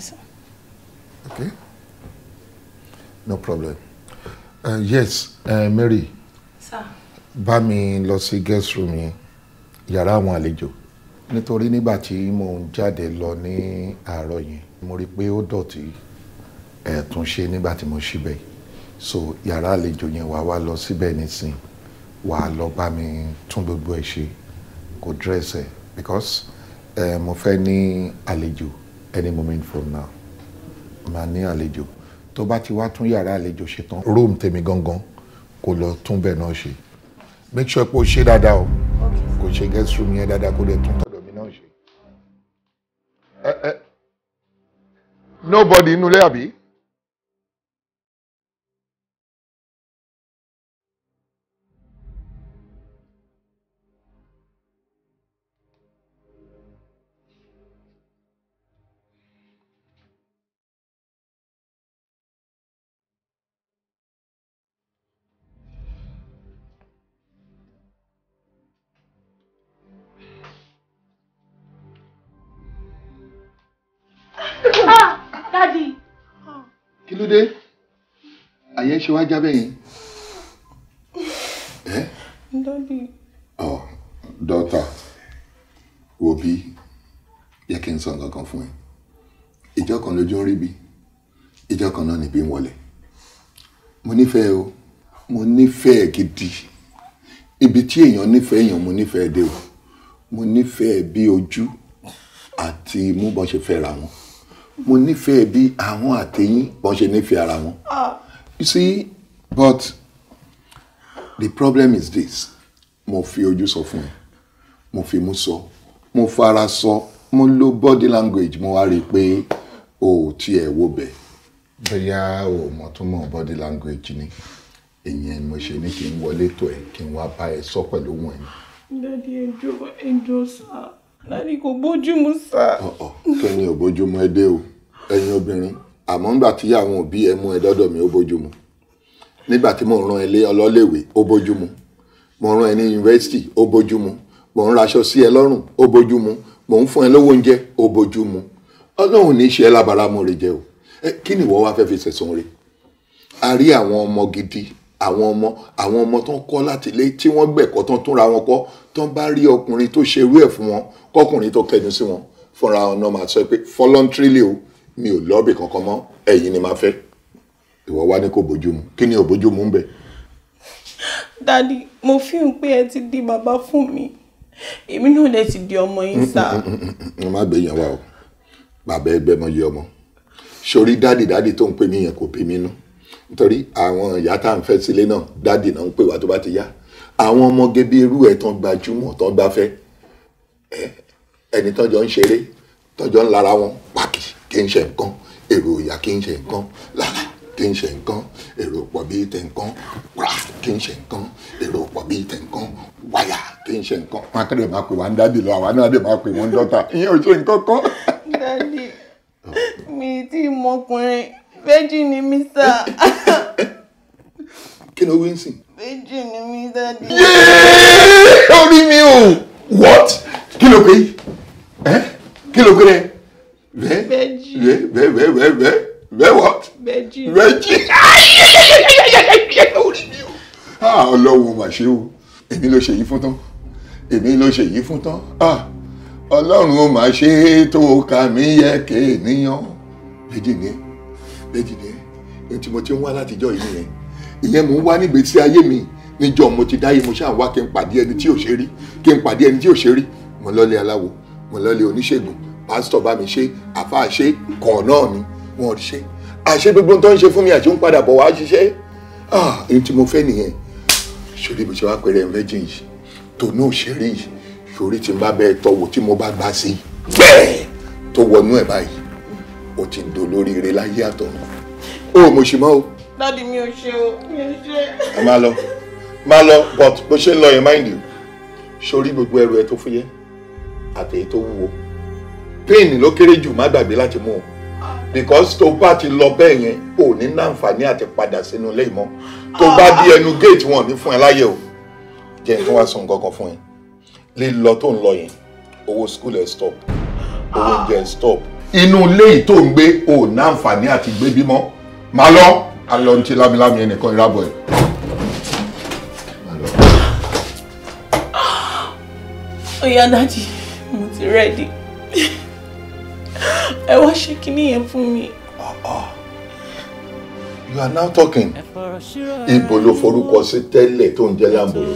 Speaker 3: ok no problem uh, yes uh, Mary. sà. bá mi lọ sí guest room yẹn yàrá àwọn àlejò nítorí nígbà tí mò ń jáde lọ ní àárọ̀ yẹn mo rí i pé ó dọ̀tí ẹ̀ẹ̀túnṣe nígbà tí mo ṣíbẹ̀ so yàrá àlejò yẹn wà wá lọ síbẹ̀ nísìnyí wà á lọ bá mi tún gbogbo ẹ̀ ṣe kò dress ẹ̀ because ẹ̀ mo fẹ́ ní àlejò any moment from now màá ní àlejò tó bá ti wá tún yàrá àlejò ṣe tán room tèmi gangan kò lọ tún bẹ̀ náà ṣe make sure pé o ṣe dáadáa o kò ṣe guest room yẹn dáadáa kó lè tún tọ̀dọ̀ mi náà ṣe. nobody inú lé àbí. ṣe wá jábẹ́ yẹn.
Speaker 4: ẹ. dọ́dí. ọ
Speaker 3: dọ́tà wo bí yẹ kí n sọ nǹkan kan fún ẹ ìjọ kan lójú ń rí bí ìjọ kan náà níbí ń wọlé mo nífẹ̀ẹ́ o mo nífẹ̀ẹ́ gidi ibi tí èèyàn nífẹ̀ẹ́ èèyàn mo nífẹ̀ẹ́ dé o mo nífẹ̀ẹ́ bí ojú àti imú bọ́n ṣe fẹ́ ra wọn mo nífẹ̀ẹ́ bí àwọn àtẹ̀yìn bọ́n ṣe nífẹ̀ẹ́ ara wọn. Ah. You see, but the problem is this. Mo fi ojú sọ fún ẹ. Mo fi mú sọ. Mo fara sọ. Mo lo body language mo wá rí i pé o ò tiẹ̀ wo bẹ̀. Bóyá o mọ̀ tó mọ̀ body language ni. Ìyẹn mo ṣe ní kí n wọlé tó ẹ kí n wá bá ẹ sọ pẹ̀lú wọn.
Speaker 6: Dádì ẹjọ́ ẹjọ́ sá. Dádì kò bójúmu sá. Ọ̀ọ̀
Speaker 3: kẹ́ni ò bójúmu ẹ dé o. Ẹ̀yin obìnrin àmọ́ ńgbà tí àwọn òbí ẹ mú ẹ dọ́dọ̀ mi ó bójúmu nígbà tí mo rán ẹ lé ọlọ́lẹ́wé ó bójúmu mo rán ẹ ní yunifásitì ó bójúmu mo ń raṣọ sí ẹ lọ́rùn ó bójúmu mo ń fún ẹ lówó oúnjẹ ó bójúmu ọlọ́run ní í ṣe ẹ lábara mo rè jẹ o kí ni ìwọ wá fẹ́ fi sẹ̀sùn rẹ̀ a rí àwọn ọmọ gidi àwọn ọmọ àwọn ọmọ tó ń kọ́ láti ilé tí wọ́n gbẹ̀kọ́ tó ń túnra wọn kọ́ tó ń bá rí ọkùnrin tó ṣerú ẹ̀ fún wọn kọ́kùnrin tó kẹnu sí wọn fúnra ọ̀nà máa sọ pé voluntarily o mi ò lọ́ọ̀bì kankan mọ́ ẹ̀yin ni máa fẹ́ ìwọ wá ní kò bójú mu kí ni ò bójú mu ń bẹ.
Speaker 6: dadi mo fi hàn pé ẹ ti di bàbá fún mi èmi náà lè ti di ọmọ
Speaker 4: yín
Speaker 3: sá. n mm, mm, mm, má gbé yẹn wá o bàbá ẹgbẹ́ mọ yẹ ọmọ sórí dádì dádì tó ń pè mí yẹn kò bí mi nú nítorí àwọn ìyá tá à ń fẹ́ sílé náà dádì náà ń pè wá tó bá ti yá àwọn ọmọge bí irú ẹ̀ tán gbajúmọ̀ tán gbafẹ́ ẹni tọ́jọ́ ń ṣeré tọ́jọ́ ń lara wọn pàkì kí n ṣe nǹkan èrò ìyá kí n ṣe nǹkan lára kí n ṣe nǹkan èrò pọ̀ bíi tẹ̀ nǹkan wàrà kí n ṣe nǹkan èrò pọ̀ bíi tẹ̀ nǹkan wáyà kí n ṣe nǹkan. wọn akéde máa pè wá ń lọ àwa náà máa pè wọn dọ́tà ìyẹn ò ṣe nǹkan kan.
Speaker 6: dadi mi ti mọkùnrin méjì ni mi sá. kí ni o wí ni mi dadi. yéé
Speaker 3: orí mi o what kí ló pé kí ló pé rẹ. Where? Veggie. Where, where, where, where, where? Where what? Veggie. Veggie. Ah, ọlọ́run mà ṣe o. Èmi ló ṣe yìí fún tán. Èmi ló ṣe yìí fún tán. Ah, ọlọ́run mà ṣe tó ka mí yẹ ké níyàn. Veggie ni ẹ. Veggie ni ẹ. Ohun tí mo ti ń wá látijọ́ yìí nìyẹn. Ìyẹn mò ń wá nígbèésí ayé mi. Níjọ́ mo ti dáyé mo ṣáà wá kí n pàdé ẹni tí ò ṣe rí. Kí n pàdé ẹni tí ò ṣe rí. Mo lọ́lé aláwo. Mo lọ́lé oníṣègùn pásítọ̀ bá mi ṣe àfa ṣe kọ̀ náà ni wọ́n ṣe àṣẹ gbogbo tó ń ṣe fún mi àṣẹ ń padà bọ̀ wá ṣiṣẹ́ ah èyí tí mo fẹ́ nìyẹn sórí ibi tí wàá pẹ̀rẹ̀ virgin yìí tòun náà ṣe rí yìí sórí tí n bá bẹ́ẹ̀ tọwọ́ tí mo bá gbà sí bẹ́ẹ̀ tó wọnú ẹ̀ báyìí o ti dolórí ire láyé àtọ̀nà o mo ṣì mọ́ o.
Speaker 6: dádì mi ò ṣe o mi ò ṣe. ẹ
Speaker 3: máa lọ máa lọ but bó ṣe ń lọ yẹn mind you gbogbo ẹrù ẹ tó fúyẹ́ àtẹ̀yẹ tó wúwo pain ló kéré jù má gbàgbé láti mú o because tó bá ti lọ bẹ́ẹ̀ yẹn ò ní láǹfààní àti padà sínú ilé ìmọ̀ tó bá di ẹnu gate wọn ní fún ẹ láyè o jẹ́ nǹkan wá sùn gangan fún ẹ lílọ tó ń lọ yẹn owó school ẹ stop owó oúnjẹ ẹ stop inú ilé yìí tó ń gbé ò ní àǹfààní àti gbé bímọ má lọ alọ ntí lámilámi ẹnìkan ìrábọ̀ ẹ̀.
Speaker 6: Oya dadi, mo ti rẹ́dí ẹ wá ṣe kinní yẹn fún mi.
Speaker 3: you are now talking ibo ló forúkọ sí tẹ́lẹ̀ tó ń jẹ́ láǹbòrò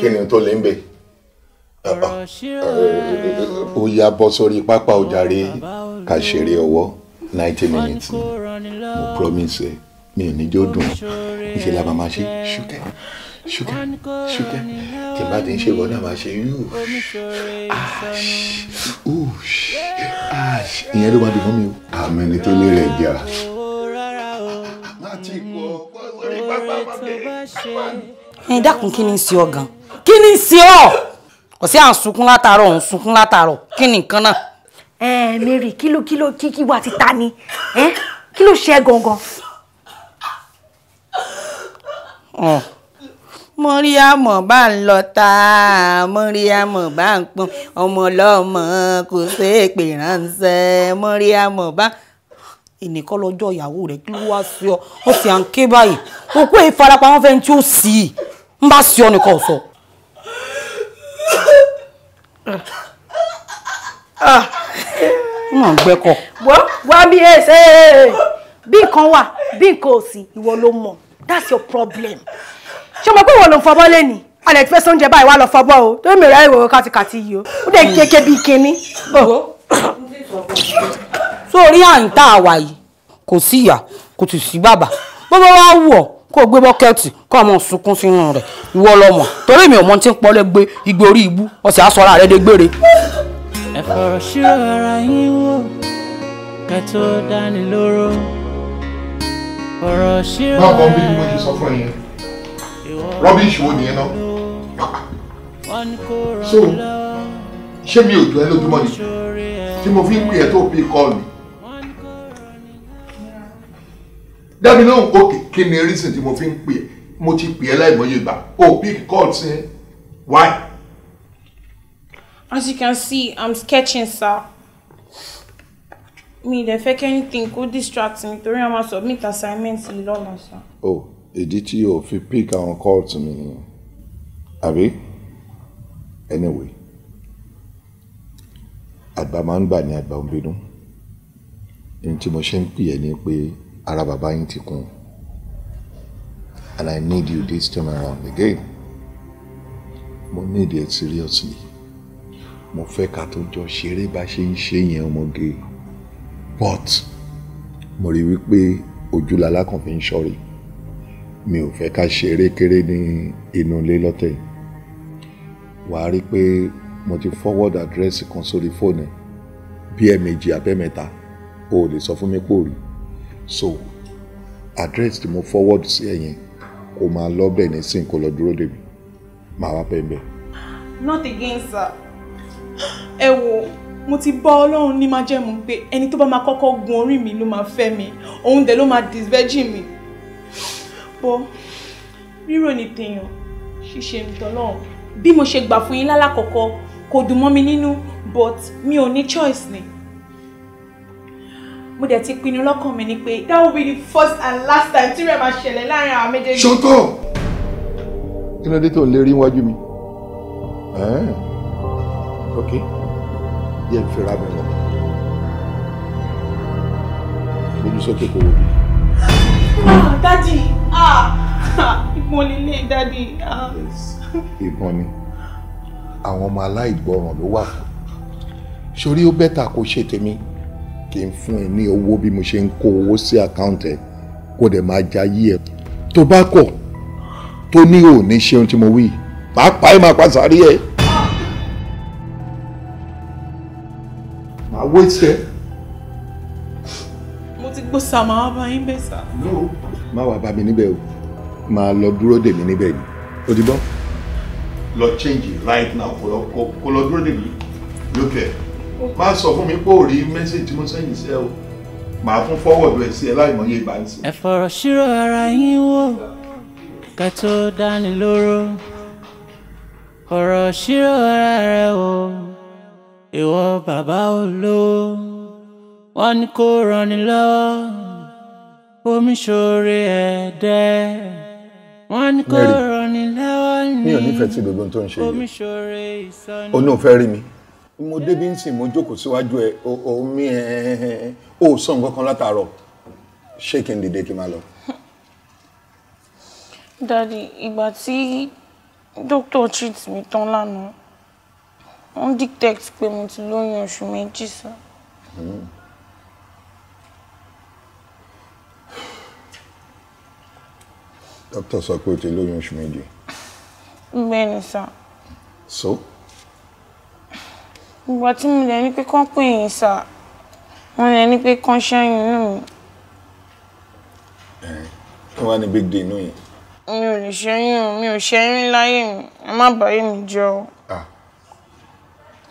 Speaker 3: kí ni tó lè ń bẹ̀ ó yá bọ́ sórí pápá ọ̀jàre ká ọwọ́ ninety minutes mo promise ẹ mi ò ní jó dùn ìṣẹ̀lẹ̀ àbámáṣe ṣúkẹ́ ṣúkẹ́ ṣúkẹ́ tí n bá ti ń ṣe ìwọ náà máa ṣe ìyẹn ló máa dùn fún mi o. àmì ẹni tó ní rẹ̀ jẹ́
Speaker 7: ẹ dákun kí ni ń ṣe ọ gan kí ni ń ṣe ọ ọsẹ à ń sunkún látàárọ̀ ò ń sunkún látàárọ̀ kí ni nǹkan náà. ẹ Mary kí ló kí ló kí kí wà ti ta ni kí ló ṣe gangan mọ́ríàmọ̀ bá ń lọ ta mọ́ríàmọ̀ bá ń pọn ọmọ lọ́mọ kò ṣe é pè ránṣẹ́ mọ́ríàmọ̀ bá ìnìkan lọ́jọ́ ìyàwó rẹ̀ kí ló wá sí ọ ó sì à ń ké báyìí òkú ìfarapa wọn fẹ́ tí ó sì í ń bá sí ọ nìkan sọ. wọ́n gbẹ́kọ̀. wọ́n bí ẹ ṣe bí nǹkan wà bí nǹkan ò sí ìwọ ló mọ̀ that's your problem ṣé mo pé wọn ló ń fọbọ́ lẹ́nìí alẹ́ ti fẹ́ sóúnjẹ báyìí wá lọ fọbọ́ o torí mi ráyè wòó kátikàti yìí o ó dẹ̀ kéke bíi kinní. sórí àǹtá àwa yìí kò sí ìyá kò sì sí bàbá bó bá wá wù ọ́ kó o gbé bọ́kẹ́ẹ̀tì kó ọmọ sunkún sínú rẹ̀ ìwọ lọmọ torí mi ò mọ tí ń pọ́lẹ́ gbé igbe orí ibú ọ̀sẹ̀ aṣọ ara rẹ̀ dé gbére.
Speaker 6: ẹ fọ̀rọ̀ sí ara yín wò kẹ́ tó dánilóró ọ̀rọ̀ sí ara yín. báwo bí mo ti sọ fún yín
Speaker 3: rubbish wo nìyẹn náà so ṣé mi ò jọ ẹ lójúmọ́ ni tí mo fi ń pè ẹ́ tó bí kọ́ọ̀lù dábì náà ó kí ni reason tí mo fi ń pè ẹ́ mo ti pè ẹ́ láìmọye ìgbà ó bí kọ́ọ̀lù sí ẹ why.
Speaker 7: as you can see i'm sketching sir mi ì dẹ̀ fẹ́ kí anything kó distract me? torí àwọn submit assignment lọ́la sir.
Speaker 3: oh ìdí tí o fi pick àwọn calls mi nìyẹn àbí anyway àgbà máa ń gbà ní àgbà ń bínú ní tí mo ṣe ń pè ẹ́ ní pé ara bàbá yín ti kún and I need you this time around again mo need it seriously mo fẹ́ ká tó jọ ṣeré bá ṣe ń ṣe yẹn ọmọge but mo rí wípé ojú lalákàn fi ń ṣọ́rí mi ò fẹ́ ká ṣe erékeré ní inú ilé lọ́tẹ̀ yìí wàá rí i pé mo ti forward address kan sórí fóònù ẹ̀ bí ẹ̀ẹ̀mejì abẹ́mẹ́ta o ò lè sọ fún mi pò rí so address tí mo forward sí ẹ̀yìn kò máa lọ́bẹ̀ ní sin kò lọ dúró dèbí màá wá pẹ́ bẹ́ẹ̀.
Speaker 7: not again sir ẹ wo mo ti bọ́ ọlọ́run ní májẹ̀mú pé ẹni tó bá máa kọ́kọ́ gun orí mi ló máa fẹ́ mi òun dẹ̀ ló máa disvergin mi bọ́ rírò ní tèèyàn ṣíṣe ń tọ́lọ́run bí mo ṣe gbà fún yín lálàkọ́kọ́ kò dùn mọ́ mi nínú but mi ò ní choice ni mo dẹ̀ ti pinnu lọ́kàn mi ni pé that will be the first and last time tí rẹ̀ máa ṣẹlẹ̀ láàrin àwọn méjèèjì. ṣọ́tọ̀
Speaker 3: kí ló dé tó ń lè rí iwájú mi ok yẹ n fira mi lójú sókè kò wò mí.
Speaker 6: Ah, dájì. Ah, ah, ìbọn nílé dádì. Ah.
Speaker 3: ìbọn ni àwọn ọmọ aláìgbọràn ló wà fún sórí ó bẹ́tà kó ṣe tèmi kí n fún ẹ ní owó bí mo ṣe ń kó owó sí àkáǹtì ẹ kó dẹ̀ máa jayé ẹ tó bá kọ̀ tó ní ò ní ṣe ohun tí mo wí màá ẹ màá pa sàárì ẹ. màá wé tiẹ.
Speaker 7: mo ti gbó
Speaker 1: sàmáwá
Speaker 3: bá yín bẹ́ẹ̀ sà. no má wàá bá mi níbẹ̀ o máa lọ dúró dè mí níbẹ̀ ni ó ti bọ́. lọ change right now kó lọ kó lọ dúró dè lókè má sọ fún mi pé ò rí mẹ́sẹ̀jì tí mo sẹ́yìn sí ẹ o màá fún fọ́wọ́dù ẹ̀ sí ẹ láì mọ̀ye ìgbà ní sí.
Speaker 6: ẹ fọ̀rọ̀ ṣírò ara yín wò ká tó dáni lóró ọ̀rọ̀ ṣírò ara rẹ̀ wò ìwọ bàbá olówó wọn ni kò ràn ní lọ́wọ́ omi ṣoore ẹ̀dẹ́ wọ́n ní kó rọni lọ́wọ́ ní mi ò
Speaker 3: nífẹ̀ẹ́ tí gbogbo tó ń ṣe yìí ó ní o fẹ́ rí mi mo débi ń sìn mo jókòó síwájú ẹ omi ẹ ó sọ nǹkan kan látàárọ̀ ṣé kí n dìde kí n máa lọ.
Speaker 6: dadi ìgbà tí
Speaker 7: dókítà treat mi tán lánàá wọ́n detect pé mo ti lóyún oṣù méjì sọ.
Speaker 3: dókítà sọ pé o ti lóyún oṣù méjì. bẹ́ẹ̀ni sá. so.
Speaker 6: ìgbà tí mo lè ní pé kán pè yín sá wọn lè ní pé kán ṣẹ́yìn inú mi.
Speaker 3: ẹ kí wàá ní big day inú yìí.
Speaker 6: mi ò lè ṣẹ́yìn o mi ò ṣẹ́yìn láyé mi ẹ má bàyé mi jẹ́ o.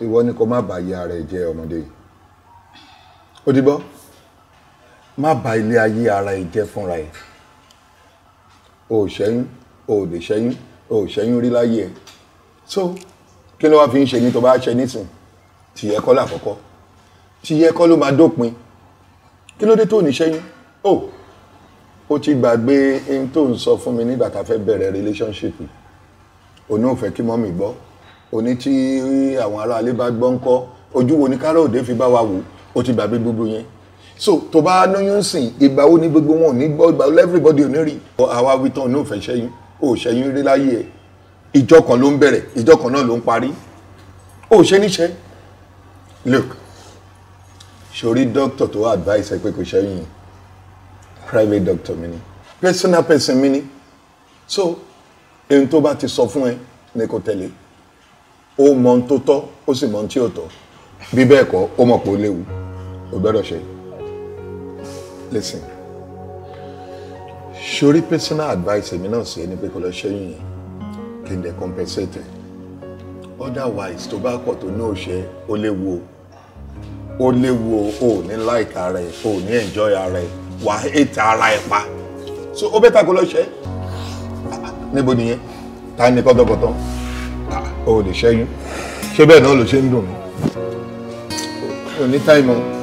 Speaker 3: ìwọ ni kò má bàyé ara ẹ jẹ́ ọmọdé yìí má bà ilé ayé ara ẹ jẹ́ fúnra ẹ o ò ṣẹ́yún o ò lè ṣẹ́yún o ò rí láyé ẹ̀ so kí ló wá fi ń ṣe ní tó bá ṣe nísìn tìyẹ kọ́ làkọ́kọ́ tìyẹ kọ́ ló máa dópin kí ló dé tó ní ṣẹ́yún o ó ti gbàgbé ohun tó ń sọ fún mi nígbà tá a fẹ́ bẹ̀rẹ̀ relationship òní ò fẹ́ kí mọ́mì gbọ́ òní tí àwọn aráalé bá gbọ́ ń kọ́ ojú wo ni káró òde fi bá wa wò ó ti gbàgbé gbogbo yẹn so tó bá lóyún sìn ìgbà wo ni gbogbo wọn ò ní gbọ́ ìgbà everybody ò ní rí. àwa witán ní òfẹ́ ṣẹ́yún ò ṣẹ́yún rí láyé ẹ̀ ìjọ kan ló ń bẹ̀rẹ̀ ìjọ kan náà ló ń parí ò ṣe níṣẹ́ look sori doctor tó advice ẹ pé kò ṣẹ́yún private doctor mi ni personal person mi ni so ohun tó bá ti sọ fún ẹ ni kò tẹ̀lé ó mọ ohun tó tọ́ ó sì mọ ohun tí ò tọ́ bí bẹ́ẹ̀ kọ́ ó mọ̀ pé ó léwu ò gbọ́dọ̀ ṣe yìí listen sori personal advice èmi náà sí ẹni pé kò lọ ṣẹ́yìn yẹn kí n dẹ̀ otherwise to bá kọ̀ to ní òṣè ó léwu o ó léwu o ò ní like ara ẹ̀ ò ní enjoy ara ẹ̀ wàá hate ara ẹ̀ pa so ó bẹ́tà kó lọ ṣẹ́ níbo nìyẹn ta ni kọ́tọ́kọ́tọ́ ó lè ṣẹ́yún ṣé bẹ́ẹ̀ náà ló ṣe ń dùn mí ò ní táìmù.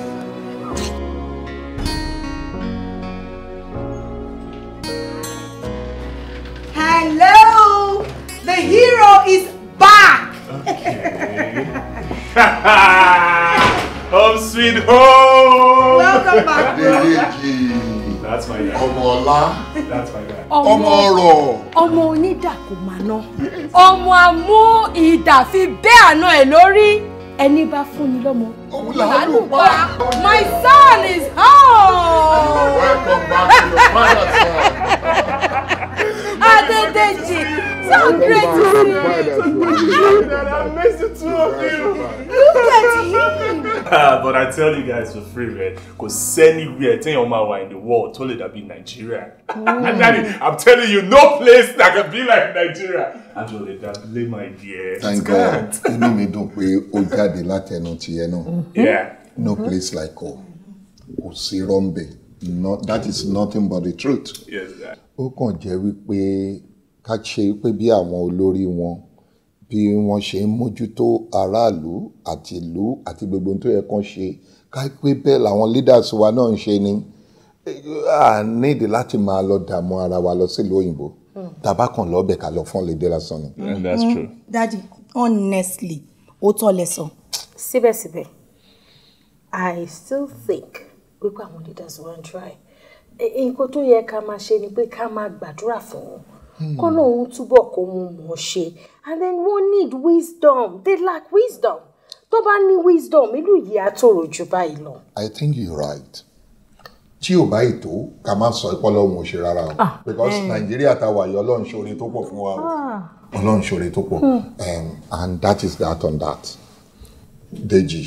Speaker 2: sweet home. Welcome back, bro. That's my guy. Ọmọ ọlá. That's my guy. Ọmọ ọrọ̀.
Speaker 7: Ọmọ onídàkùnmáná. Ọmọ amú ìdà fi bẹ́ àná ẹ̀ lórí. Ẹni bá fúnni lọ́mọ.
Speaker 6: Òun là ń pa. My son is home.
Speaker 7: Welcome back to your mother. Adédèjì
Speaker 2: so great to see you. I miss the two of you. Look at you. Ah, but I tell you guys for free, man, because anywhere, tell your mama in the world, told totally that be Nigeria. Hmm. Daddy, I'm telling you, no place that can be like Nigeria. Adúlé dábìlé my dear. Thank God,
Speaker 3: You know me don't mi dùn pé the Latin látẹnu tiẹ̀ mm-hmm. Yeah. No place like oh, Kò Not That is nothing but the truth. Yes, ó kàn jẹ́ wípé ká ṣe pé bí àwọn olórí wọn bí wọ́n ṣe ń mójútó aráàlú àti ìlú àti gbogbo ohun tó yẹ kán ṣe ká pé bẹ́ẹ̀ làwọn leaders wa náà ń ṣe ni a nídìí láti máa lọ dààmú ara wa lọ sílùú òyìnbó hmm. tàbá kan lọ́ọ́bẹ̀ ká lọ fún lédè lásán ni. Mm, that's true. Mm,
Speaker 7: dadi honestly ó tọ́ lẹ sọ. síbẹ̀síbẹ̀ i still think wípé àwọn leaders wan try nǹkan tó yẹ ká máa ṣe ni pé ká máa gbàdúrà fún wọn Hmm. kọ́ túbọ̀ kó wọn mọ̀ ṣe and then wọ́n need wisdom they lack wisdom tó bá ní wisdom ìlú yìí á tòrò jù báyìí lọ.
Speaker 3: I think you're right tí ò bá ètò ká má sọ pé ò ṣe rárá o ah, because eh. Nàìjíríà ta wà yìí Ọlọ́run ṣoore tó pọ̀ fún wa ah. Ọlọ́run ṣoore tó pọ̀ hmm. um, and that is that on that Deji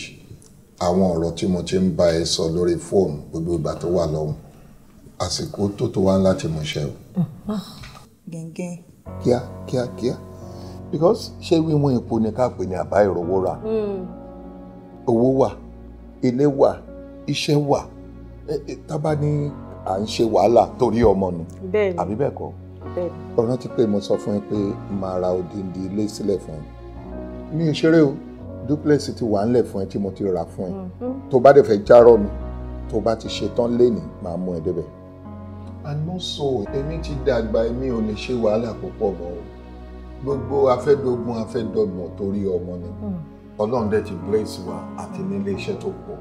Speaker 3: àwọn ọ̀rọ̀ tí mo ti ń bá ẹ sọ lórí fóònù gbogbo ìgbà tó wà lọ́hùn àsìkò tó tó wá láti mọ̀ṣẹ́ o
Speaker 7: hmm. ah gẹ̀ǹgẹ̀.
Speaker 3: kíá kíá kíá because ṣé wíwọn epo ni ká pè ní àbá ìrọwọ́ ra hmm. owó wà ilé wà iṣẹ́ wà tábà ní à ń ṣe wàhálà torí ọmọ ni àbí bẹ́ẹ̀ kọ́ ọ̀rọ̀ ti pé mo sọ fún yín pé máa ra odindi ilé sílẹ̀ fún yín mi ò ṣeré o duplex ti wà ńlẹ̀ fún ẹ tí mo ti rà fún ẹ hmm. tó bá dẹ̀ fẹ́ járọ̀ mi tó bá ti ṣetán lénìí máa mú ẹ débẹ̀ and also èmi ti dàgbà èmi ò lè ṣe wàhálà púpọ̀ mọ́ o gbogbo afẹ́dógún afẹ́dọ́gbọ̀n torí ọmọ ni hmm. ọlọ́run dẹ̀ ti bless wa àti nílé iṣẹ́ tó pọ̀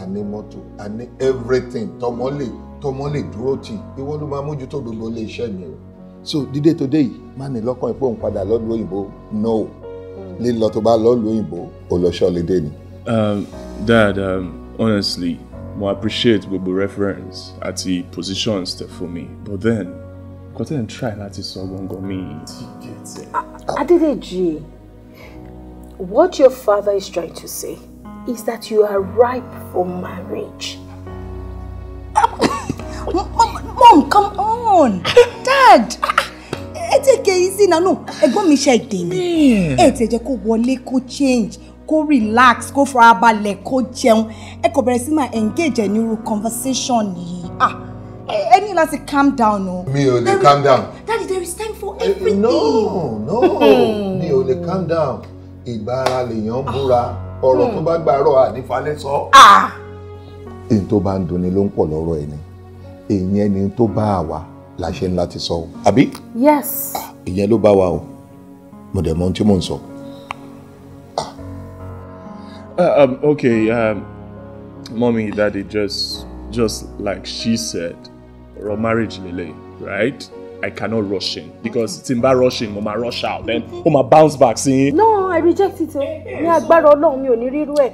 Speaker 3: àní mọ́tò àní everything tọmọ lè tọmọ lè dúró tì ìwọ ló máa mójútó gbogbo ilé iṣẹ́ mi o so dídé tó dé yìí má ní lọ́kàn ìpò òun padà lọ́lú òyìnbó no hmm. lílọ tó bá lọ́lú òyìnbó ò lọ ṣọ́lé dé ni.
Speaker 2: Um, dad um, honestly mo appreciate gbogbo reference àti positions tẹ fún mi but then nǹkan tẹ̀ ń try láti sọ gangan mi ti get
Speaker 7: Adedeji, what your father is trying to say is that you are ripe for marriage. mom, come on. Dad. ẹ take it easy now no ẹ̀gbọ́n mi ṣe dè mí ẹ tẹ jẹ́ kó wọlé kó change kó relax kó farabalẹ̀ kó jẹun ẹ kò bẹ̀rẹ̀ sí máa engage ẹ̀ ní irú conversation yìí ah ẹ ní láti calm down o.
Speaker 3: mi ò lè calm down.
Speaker 7: daddy there is time for
Speaker 3: eh, everything. no no hmm. mi ò lè calm down ìgbára lèèyàn búra ọ̀rọ̀ hmm. tó bá gbàrọ̀ àdífalẹ̀ sọ. èyí ah. tó bá ń dunni ló ń pọ̀ lọ́rọ̀ ẹ̀ ni èyí ẹni tó bá a wà la ṣe ń láti sọ o àbí. yes. ìyẹn ló bá wa o mo dẹ̀ mọ ohun tí mò ń sọ.
Speaker 2: Uh, um, okay, um, mommy, daddy, just, just like she said, or marriage lele, right? I cannot rush in because it's in bá rush in, mo rush out, then mama bounce back See?
Speaker 7: No, I reject it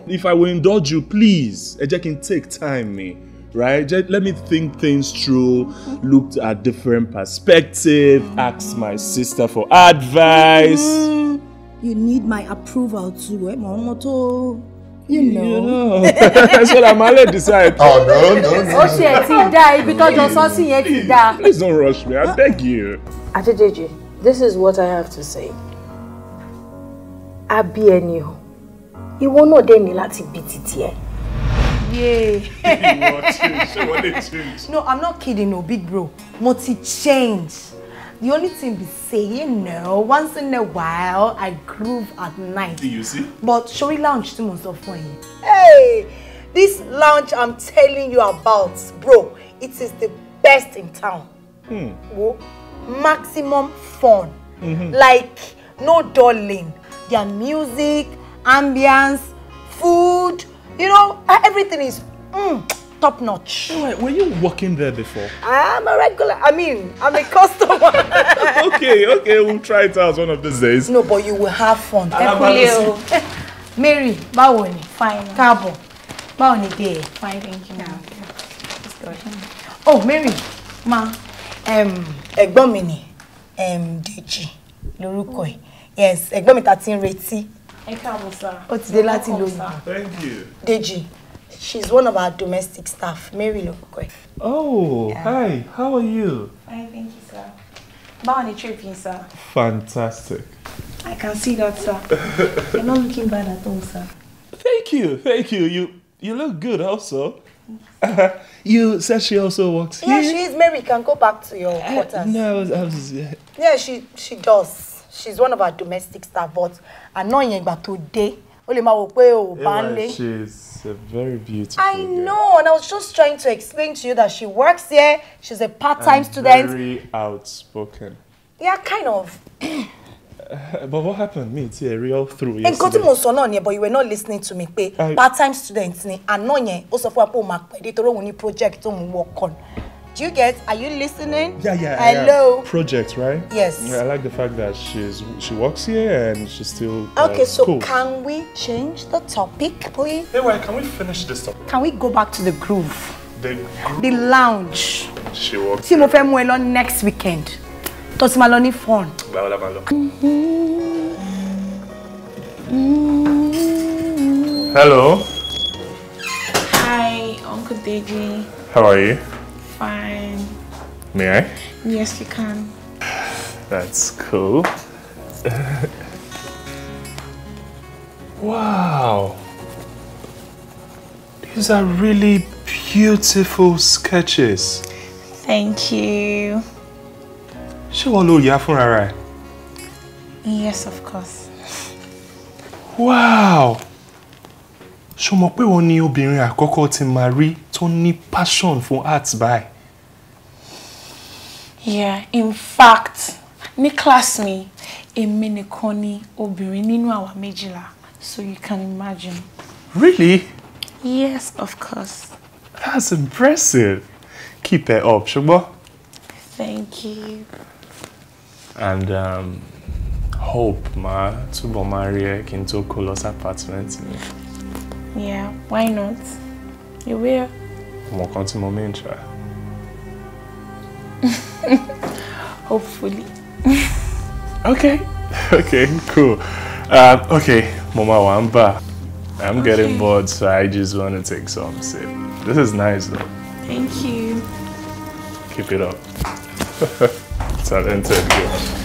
Speaker 2: If I will indulge you, please, I can take time me. Right? Just let me think things through, look at different perspective, ask my sister for advice. Mm,
Speaker 7: you need my approval too. Eh? Mo you know. You know. so that
Speaker 2: my decide. Oh no no no.
Speaker 7: Oh ṣe ẹ̀ ti dá ibi tọ́jọ́ sọ́ọ̀sì yẹn ti dá. please
Speaker 2: don't rush me I beg you.
Speaker 7: Adedeji this is what I have to say. a bí you. o ìwọ náà dé ní láti bí títí ẹ. yay. no I'm not kidding no, big bro mo ti change. The only thing be say, you know, once in a while, I groove at night. Do you see? But Shori lounge too much sọ fún yín. Hey, this lounge I'm telling you about, bro, it is the best in town. Hmm. Oh, maximum fun. Mm-hmm. Like, no dulling. Their music, ambience, food, you know, everything is mm, top notch. Wait, were you
Speaker 2: working there before?
Speaker 7: I'm a regular. I mean, I'm a customer.
Speaker 2: okay, okay, we'll try it out one of these days. No, but
Speaker 7: you will have fun. Mary, báwo ni? Fine. Káàbọ̀. Báwo ni dé? Fine, thank you. Yeah, okay. Oh, Mary, ma, um, ẹ̀gbọ́n ni, um, Deji, lórúkọ Yes, ẹ̀gbọ́n mi reti. ti ń retí.
Speaker 4: Ẹ káàbọ̀ Latin Ó
Speaker 7: Thank you. Deji. She's one of our domestic staff, Mary Lokwe.
Speaker 2: Oh, yeah. hi. How are you?
Speaker 7: fine, thank you, sir. Bound the trip in, sir.
Speaker 2: Fantastic.
Speaker 7: I can see that, sir. You're not looking bad at all, sir.
Speaker 2: Thank you, thank you. You you look good also. you said she also works yeah, here. Yeah,
Speaker 7: she is. Mary, can go back to your uh, quarters. Uh, no, I was, I was, yeah. yeah, she she does. She's one of our domestic staff, but I know Yengba today o lè máa wò pé o bá ń lé. she
Speaker 2: is a very beautiful
Speaker 7: girl. I know and I was just trying to explain to you that she works here she is a part-time student. and
Speaker 2: very outspoken.
Speaker 7: yeah kind of. Uh,
Speaker 2: but what happened me ti ẹ rí all through yesterday. nǹkan tí mo
Speaker 7: sọ náà ni but you were not listening to me pe. part-time student ni àná yẹn ó sọ fún wa pé òun máa pẹ́ dé torí òun ní project tóun work on. Do you get? Are you listening? Yeah, yeah. Hello.
Speaker 2: Yeah. right? Yes. Yeah, I like the fact that she's she works here and she's still. Uh, okay, so cool.
Speaker 7: can we change the topic, please? Hey, wait, can we finish this topic? Can we go back to the groove? The groove. The lounge. She works. See, mo fẹ́ we ẹ on next weekend. Tó ti máa lọ ní
Speaker 2: mm-hmm. Hello.
Speaker 7: Hi, Uncle Deji. How are you? Fine. May I? Yes, you can.
Speaker 2: That's cool. wow.
Speaker 6: These are really
Speaker 2: beautiful sketches.
Speaker 6: Thank you.
Speaker 2: Show all you have fúnra
Speaker 7: Yes, of course.
Speaker 2: Wow! ṣo mọ̀ pé wọ́n ní obìnrin àkọ́kọ́ tí máa rí tó ní passion for art báyìí.
Speaker 7: yeah in fact ní class mi èmi nìkan ni obìnrin nínú àwa méjìlá so you can imagine. really. yes
Speaker 2: of course. that's impressive keep it up ṣùgbọ́n.
Speaker 7: thank you.
Speaker 2: and um, hope ma túbọ̀ máa rí ẹ kí n tó kó lọ sí apartment mi.
Speaker 7: Yeah, why not? You will.
Speaker 2: Mo kan tí mo mean try.
Speaker 7: Hopefully. okay.
Speaker 2: Okay, cool. Um, okay, Mama Wamba. I'm okay. getting bored, so I just want to take some sip. This is nice, though.
Speaker 7: Thank you.
Speaker 2: Keep it up. Talented girl.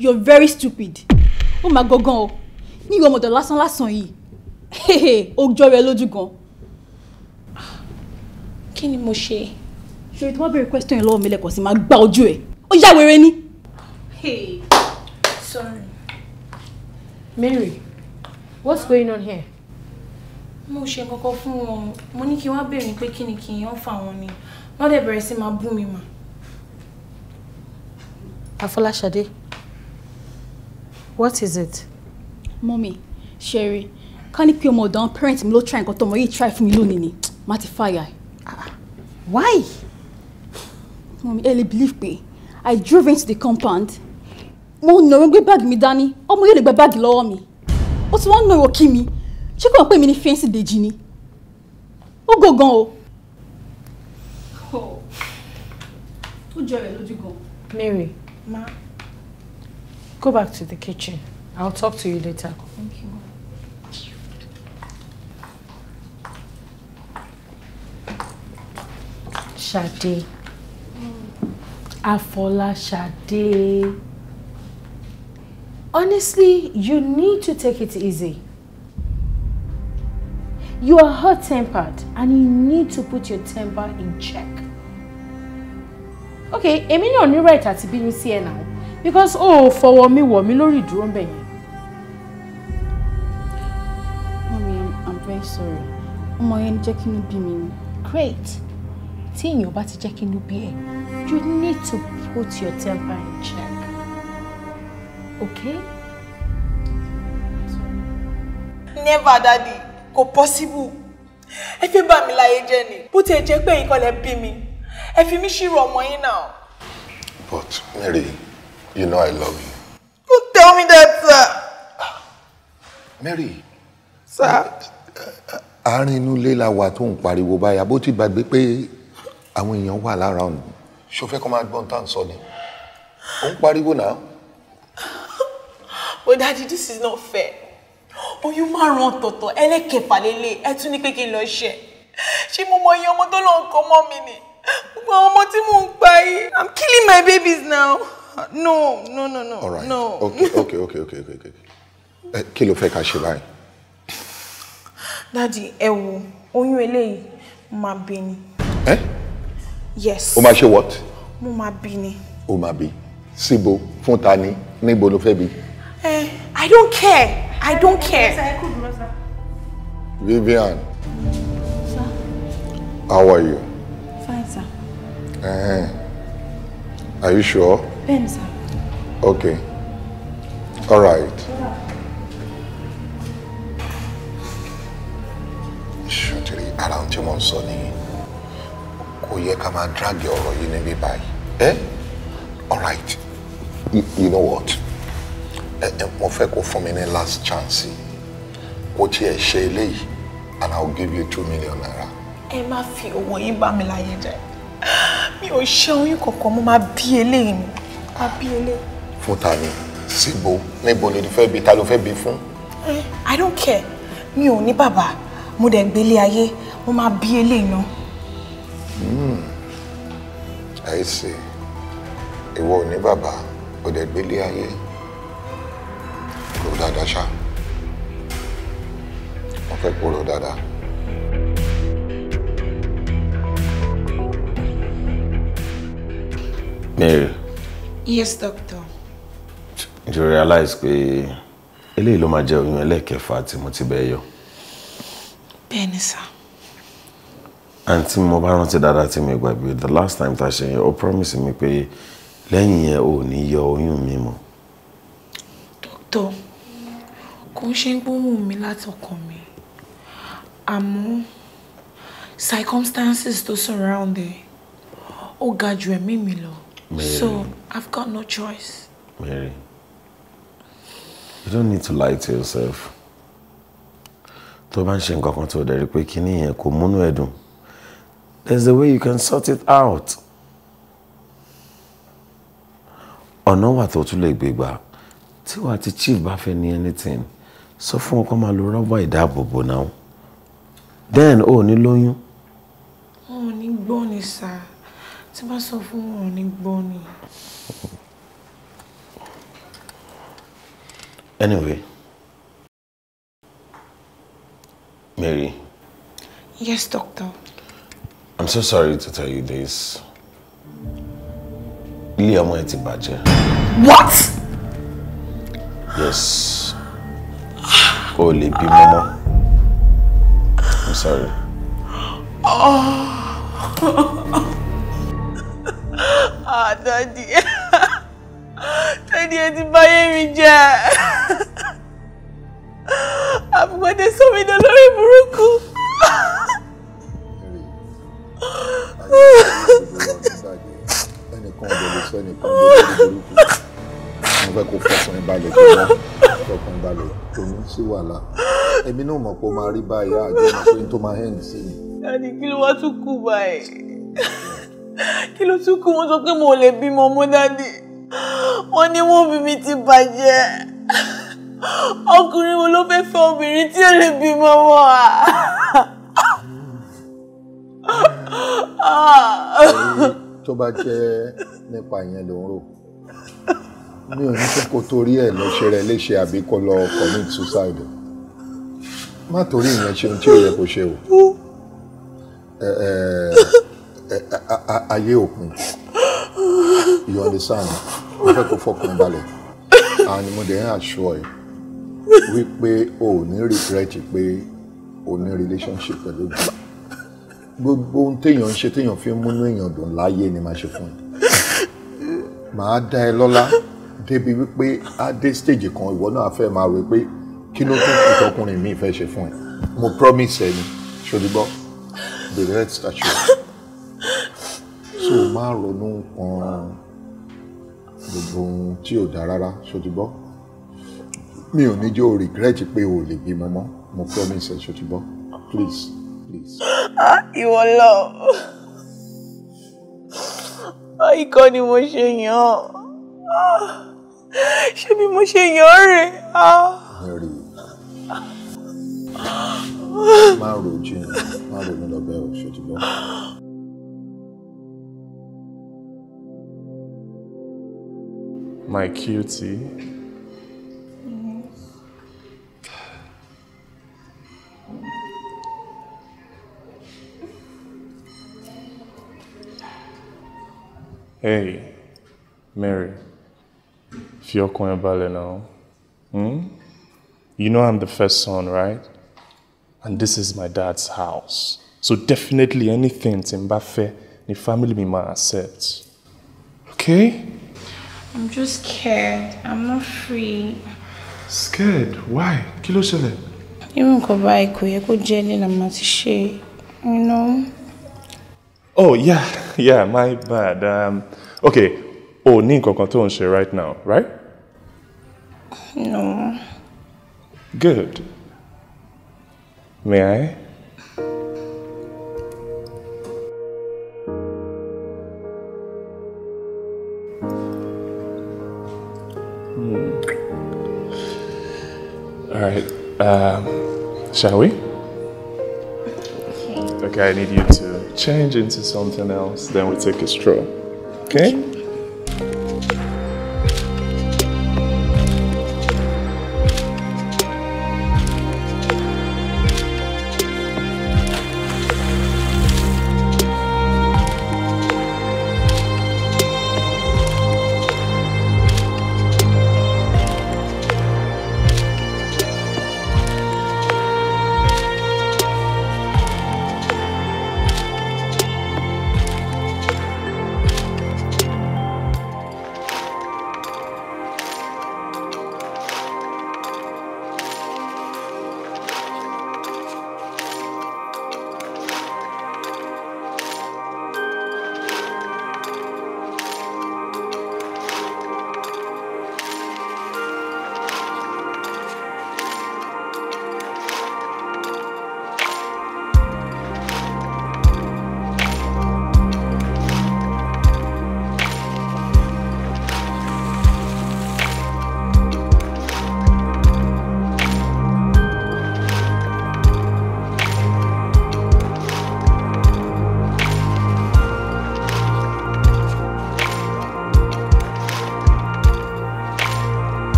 Speaker 7: you're very stupid ó máa gangan o ní ìwé ọmọdé lásán lásán yìí ó jọ rẹ lójú gan. kí ni mo ṣe. ṣòro tí wọ́n béèrè question yẹn lọ́wọ́ mi lẹ́kọ̀ọ́ sí máa gba ojú ẹ̀ ó yá wèrè ni. sorry. Mary what's going on here. mo ṣe kọ́kọ́ fún wọn mo ní kí wọ́n béèrè pé kí ni kí n yàn fà wọ́n ni wọ́n dẹ̀ bẹ̀rẹ̀ sí máa bú mi mà. Afọláṣadé. What is it? Mommy, Sherry, ká you pé ọmọ ọ̀dọ̀ àwọn parent mi ló try nǹkan tó ọmọ yìí try fún mi lónìí ni, má ti fire. Ah, why? Mommy, I believe me. I drove into the compound. Mom, no gbé báàgì mi dání, ọmọ yóò lè gba báàgì lọ́wọ́ mi. Ó ti wọ́n nọ̀rọ̀ kí mi. Ṣé kò wọ́n pè fancy ní fẹ́ǹsì oh go Ó Oh, o. Ó jọ rẹ̀ lójú Mary, Ma. Go back to the kitchen. I'll talk to you later. Thank you. Afola Afọláṣadé. Honestly, you need to take it easy. You are hot-tempered and you need to put your temper in check. Okay, Emilio, you're ní right àti bínú sí ẹ náà because o oh, ò fọwọ́ mi wọ̀ mí lórí ìdúró ń bẹ̀ yẹn. mami i'm very sorry ọmọ yẹn jẹ́ kí inú bí mi ni. great tí èèyàn bá ti jẹ́ kí inú bí ẹ you need to put your temper in check okay. never daddy kò possible ẹ fẹ́ bà mí láyé jẹ́ ni bó ti jẹ́ pé ẹ̀yin kọ́ lẹ bí mi ẹ fi mí ṣírò ọmọ yín náà.
Speaker 3: but Mary You know I love you. Don't tell me that, sir. Mary. Sir. Àárín inú ilé la wà tó ń pariwo báyà bó ti gbàgbé pé àwọn èèyàn wà lára ọ̀nà. Ṣo fẹ́ kó máa gbọ́n tá à ń sọ ni? Ó ń pariwo náà.
Speaker 7: But daddy, this is not fair. Oyún márùn-ún ọ̀tọ̀ọ̀tọ̀ ẹlẹ́kẹ̀fà lélẹ̀ ẹ tún ní pé kí n lọ ṣe. Ṣé mo mọ iye ọmọ tó lọ kọ́ mọ́ mi ni? Gbogbo àwọn ọmọ tí mò ń pa yìí. I'm killing my babies now no, no, no, no.
Speaker 3: All right. No. Okay, okay, okay, okay, okay, okay. Uh, kí ló fẹ́ ká ṣe báyìí?
Speaker 7: Daddy, ẹ wo, oyún eléyìí máa bí ni. Eh? Yes. O máa ṣe what? Mo máa bí ni.
Speaker 3: O máa bí. Síbo, fún ta ni, níbo ló fẹ́ bí?
Speaker 7: Eh, I don't care. I don't care. Vivian. Sir. How are you? Fine, sir.
Speaker 3: Eh. Uh, are you sure? Bẹ́ẹ̀ni sá. Okay. All right. Ṣùtìrì around two months mo ń sọ nìyí. Kò yẹ ká máa drag ọ̀rọ̀ yìí all right. You, you know what? Mo fẹ́ kó for mi ní last chance. Mo tiẹ̀ ṣe and I'll give you two million naira.
Speaker 7: Emma, má fi owó yín bá mi láyé jẹ. Mi ò ṣe oyún kankan, mo máa bí abíọ́lé.
Speaker 3: fún ta ni síbo níbo ló ti fẹ́ bí ta ló fẹ́ bí fún.
Speaker 7: i don't care mi ò ní bàbá mo dẹ̀ ń gbélé ayé mo máa bí eléyìí náà.
Speaker 3: Hmm. i see ìwọ ò ní bàbá ò dẹ̀ gbélé ayé kúrò dáadáa ṣá mo fẹ́ kúrò dáadáa.
Speaker 4: Mary.
Speaker 7: Yes, doctor.
Speaker 4: Do you realize pé eléyìí ló máa jẹ́ oyún ẹlẹ́ẹ̀kẹfà tí mo ti bẹ́ẹ̀ yọ? Bẹ́ẹ̀ni sá. Àǹtí mo bá rántí dáadáa tí mi gbàgbé the last time ta ṣe yẹn ó promise mi pé lẹ́yìn yẹn ò ní yọ oyún mi mọ́.
Speaker 7: Dókítà, kò ń ṣe gbóhùn mi látọkàn mi, àmọ́ circumstances tó surround ẹ̀ ó ga ju ẹ̀mí mi lọ. Mary. So I've got no choice.
Speaker 4: Mary, you don't need to lie to yourself. Tó bá ń ṣe nǹkan kan tó dẹ̀ rí pé kíní yẹn kò múnú ẹ̀dùn. There's a way you can sort it out. Ọ̀nà wà tó tún lè gbégbá. Tí ti chief bá fẹ́ ní anything, sọ fún ọkọ máa lo rọ́bà ìdáàbòbò náà. Then o ò ní lóyún.
Speaker 6: Mo ò ní gbọ́ ni sáà tí bá sọ fún wọn ní gbọ́ ni.
Speaker 4: anyway Mary.
Speaker 7: Yes, doctor.
Speaker 4: I'm so sorry to tell you this. Ilé ọmọ ẹ ti bàjẹ́. What? Yes. Kò lè bí mọ́mọ́. I'm sorry.
Speaker 5: Oh dadi dadi ẹ ti báyé mi jẹ́ àbúgbọ́dé sómìnà lórí burúkú.
Speaker 3: ẹnìkan ọ̀dọ̀ lè sọ ẹnìkan ọ̀dọ̀ lórí burúkú mo fẹ́ kó fọkùnrin balẹ̀ tó lọ fọkùnrin balẹ̀ tó ní sí wàhálà èmi náà mọ̀ pé o máa rí báyìí àjọ máa pé tó máa hẹ́ǹdì sí mi.
Speaker 5: dadi kí ló wá tún kú báyìí kí ló tún kú wọn sọ pé mo lè bímọ mọ́ dádì wọn ní wọn bí mi ti bàjẹ́ ọkùnrin wo ló fẹ́ẹ́ fẹ́ obìnrin tí ò lè bímọ mọ́ à.
Speaker 3: tó bá jẹ́ nípa yẹn ló ń rò mi ò ní fẹ́ kó torí ẹ̀ lọ ṣe rẹ léṣe àbí kó lọ commit suicide má torí ìyẹn ṣe ohun tí ò yẹ kó ṣe o ayé òpin you understand mo fẹ́ kó fọkàn balẹ̀ and mo dẹ̀ ń assure ẹ wípé o ò ní regret pé o ní relationship pẹ̀lú gbà gbogbo ohun téèyàn ń ṣe téèyàn fi ń múnú èèyàn dùn láyé ni màá ṣe fún ẹ màá dá ẹ lọ́lá débi wípé á dé stage kan ìwọ náà fẹ́ máa rò pé kí ló tún fi tọkùnrin mi fẹ́ ṣe fún ẹ mo promise ẹ ni ṣòdìbọ the rest are sure jésù má ronú nǹkan gbogbo ohun tí ò dáa rárá ṣòtúbọ́ mi ò ní jẹ́ o regret pé o lè bímọ mọ́ mo promise ẹ
Speaker 6: ṣòtúbọ́ please please. ìwọ lọ báyìí kọ́ ni mo ṣe yàn ọ́
Speaker 5: ṣé bí mo ṣe yàn ọ́ rè é má ro
Speaker 3: jìn má ronú lọ bẹ́ẹ̀ o ṣe ti gbọ́.
Speaker 2: my cutie. Hey, Mary, if you're now, hmm? you know I'm the first son, right? And this is my dad's house. So definitely anything Timbafe, the family me might accept. Okay?
Speaker 7: I'm just scared. I'm not free.
Speaker 2: Scared? Why? Kí ló
Speaker 7: Even ko ba iko ye You know?
Speaker 2: Oh, yeah. Yeah, my bad. Um, okay. Oh, ní nǹkan tó right now, right? No. Good. May I? Um, shall we? Okay. Okay, I need you to change into something else, then we take a stroll. Okay?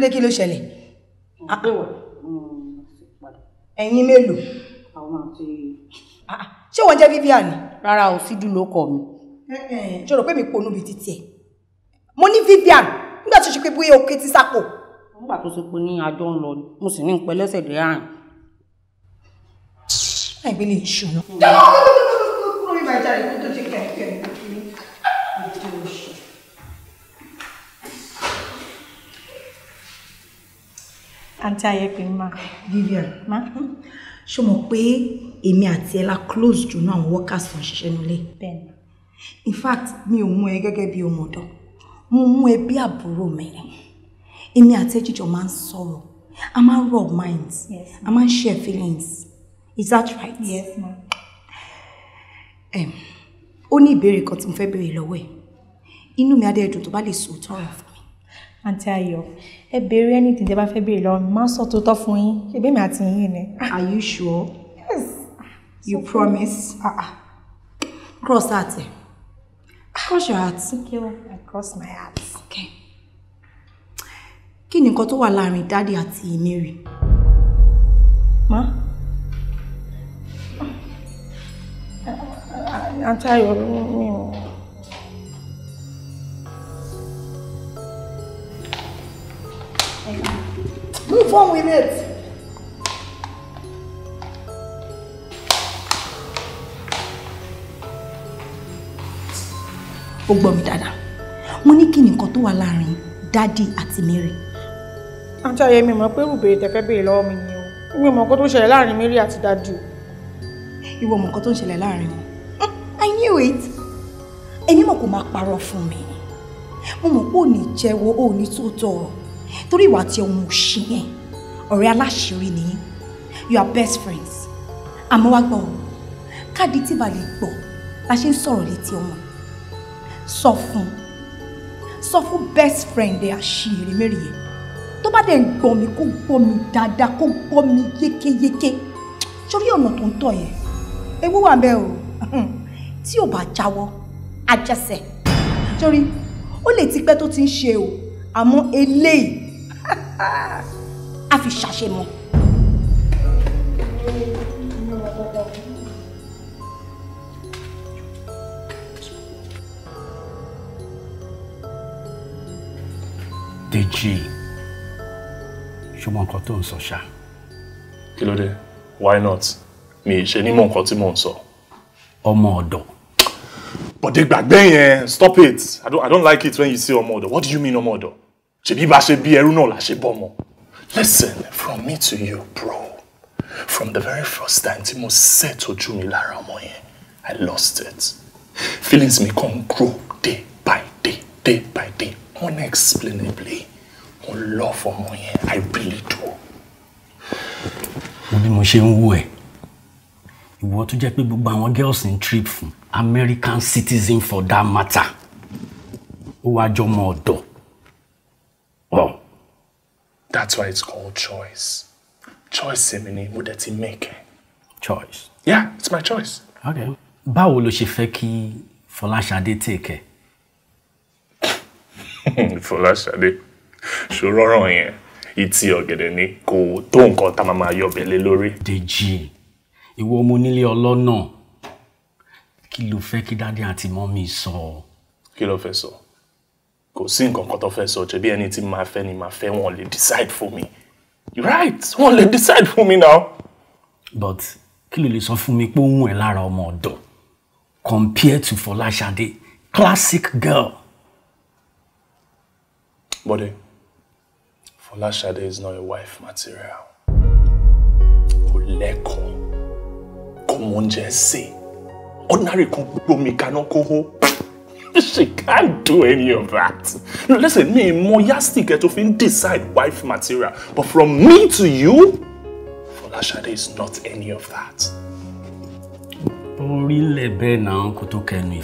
Speaker 7: ló dé kí ló ṣẹlẹ̀. ẹ̀yin mélòó. Ah, ah, ṣé wọ́n jẹ́ Vivian ni. rárá o sídùú ló kọ mi. ṣé o rò pé mi ponú bíi títí ẹ̀ mo ní Vivian nígbà tó ṣe pé bóyá o ké tí sápò. nígbà tó ṣe pé ní àjọ ń lọ mo sì ní ń lẹ́sẹ̀ dé àrùn. láì gbélé ìṣúná. dáwọ́ kúrò ní ìbàjá rẹ̀ kó tó àǹtí ayẹpẹ ma. Vivian ma ṣó mọ̀ pé èmi àti ẹ̀ la close jù náà àwọn workers tó ń ṣiṣẹ́ nílé. bẹ́ẹ̀ni. in fact mi ò mú ẹ gẹ́gẹ́ bí ọmọ ọ̀dọ́ mo mú ẹ bí àbúrò mi ni èmi àti ẹ̀ jíjọ máa ń sọ̀rọ̀ a máa ń rub minds yes, a máa ń share feelings is that right. yes ma. ó ní ìbéèrè kan tí mo fẹ́ béèrè lọ́wọ́ ẹ̀ inú mi á dẹ́ dùn tó bá lè sòótọ́ ọ̀rọ̀ fún mi. àǹtí ayọ̀ ẹ béèrè anything tẹ́ bá fẹ́ béèrè lọ má sọ tó fún yín ṣe mi àti yín ni. are you sure. yes. you so promise. ah ah cross heart. cross your heart. okay well i cross my heart. okay. kí ni nǹkan tó wà láàrin dáàdi àti mary. ma. àǹtí ayọ̀ mi ò. Move on with it. ó gbọ́ mi dáadáa mo ní kí ni nǹkan tó wà láàrin dádì àti Mary. àǹtí ayé mi mọ̀ pé ìbéèrè tẹ́fẹ́ béèrè lọ́wọ́ mi ni o mi mọ̀ nǹkan tó ṣẹlẹ̀ láàrin Mary àti dádì o. ìwọ mọ̀ nǹkan tó ń ṣẹlẹ̀ láàrin wọn. I knew it. èmi mọ̀ kó máa parọ́ fún mi mo mọ̀ pé ò ní jẹ́wọ́ ò ní tó tọrọ torí ìwà àti ohun òṣì yẹn ọ̀rẹ́ aláṣìírí ni you are best friends àmọ́ wá gbọ́ káàdì tí balẹ̀ gbọ́ la ṣe ń sọ̀rọ̀ létí ọmọ sọ fún sọ fún best friend ẹ àṣìírí mẹ́rin yẹn tó bá dẹ̀ ń gbọ́ mi kó gbọ́ mi dáadáa kó gbọ́ mi yékéyéké sórí ọ̀nà tó ń tọ̀ yẹn ewu wà bẹ́ẹ̀ o tí ò bá jáwọ́ ajẹsẹ̀ sórí ó lè ti pẹ́ tó ti ń ṣe o àmọ́ eléyìí a fi ṣàṣemọ.
Speaker 2: Deji
Speaker 1: ṣùgbọ́n nǹkan tó ń sọ
Speaker 2: ṣá. kí ló dé why not mi ì ṣe nímọ̀ nǹkan tí mò ń sọ. ọmọ ọ̀dọ̀. Bọ̀dé gbàgbé yẹn stop it I don't, I don't like it when you say ọmọ ọ̀dọ̀ what do you mean ọmọ ọ̀dọ̀ ṣebí bá ṣe bí ẹrú náà la ṣe bọ́mọ. listen from me to you bro from the very first time tí mo set ojú mi lára ọmọ yẹn i lost it feelings mi kàn grow day by day day by day unexplainably mo love ọmọ yẹn i really do.
Speaker 1: mo bí mo ṣe ń wú ẹ ìwọ tó jẹ́ pé gbogbo àwọn girls ń trip fún american citizen for that matter ó wáá
Speaker 2: jọmọ ọ̀dọ̀ Wow. That's why it's called choice. Choice Simini, ni mo dẹ̀ ti make. Choice? Yeah, it's my choice. Okay.
Speaker 1: Báwo lo ṣe fẹ́ kí Fọláṣadé take ẹ?
Speaker 2: Fọláṣadé, ṣòro ọ̀rọ̀ yẹn, ìtì ọ̀gẹ̀dẹ̀ ni kò tó nǹkan tá a máa yọ̀bẹ̀ lé lórí. Dèjì,
Speaker 1: ìwọ ọmọ onílé ọlọ́nà, kí lo fẹ́ kí dádì àti mọ́mí sọ?
Speaker 2: Kí lo fẹ́ sọ? So? kò sí nǹkan kan tó fẹ́ sọ ṣe bí ẹni tí máa fẹ́ ni máa fẹ́ wọn lè decide for me you right wọn lè decide for me now.
Speaker 1: but kí ló lè sọ fún mi pé ó wù lára ọmọ ọ̀dọ̀ compared to Fọláṣadé classic girl.
Speaker 2: bọ́dẹ̀ Fọláṣadé is not a wife material kò lẹ́kọ̀ọ́ kò mọ oúnjẹ ṣe ordinary kan gbogbo mi kaná kó hó. she can't do any of that. Listen, me more yastik to fin decide wife material, but from me to you, Folashade is not any of that.
Speaker 1: Orílẹ̀ bẹ́ẹ̀ náà kò tó kẹnu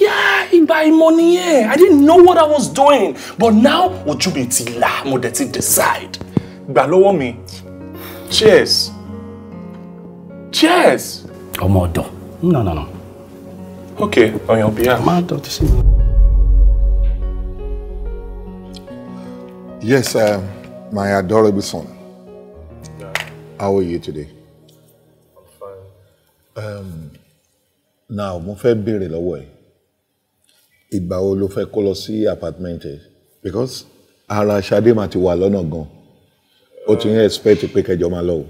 Speaker 2: Yeah, ìgbà ìmọ̀ nìyẹn. I didn't know what I was doing. But now, ojú you be tila, mo dẹ̀ decide. Gbà lọ́wọ́ Cheers. Cheers. Ọmọ ọ̀dọ̀. No, no, no. Okay, on your behalf.
Speaker 3: my daughter. sí Yes, um, my adorable son. Yeah. How are you today? I'm fine. Um, now, mo fẹ́ béèrè lọ́wọ́ ẹ̀. Ìgbà wo lo fẹ́ kó lọ sí apartment ẹ̀? Because ara Ṣadé máa ti wà lọ́nà gan. Ó ti ń expect pé kẹjọ máa lọ o.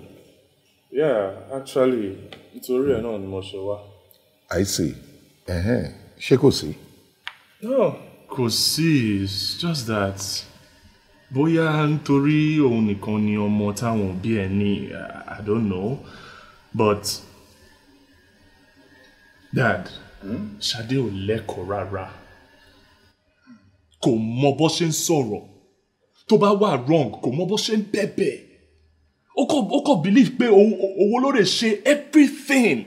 Speaker 2: Yeah, actually, nítorí ẹ̀ náà ni mo ṣe wá.
Speaker 3: I see ṣé kò sí. no kò
Speaker 2: sí it's just that bóyá nítorí òun nìkan ni ọmọ táwọn òbí ẹ ní i don't know but dad hmm? ṣadé ò lẹ́kọ̀ọ́ rárá kò mọ bó ṣe ń sọ̀rọ̀ tó bá wà wrong kò mọ bó ṣe ń bẹ̀bẹ̀ ó kò believe pé owó ló lè ṣe everything.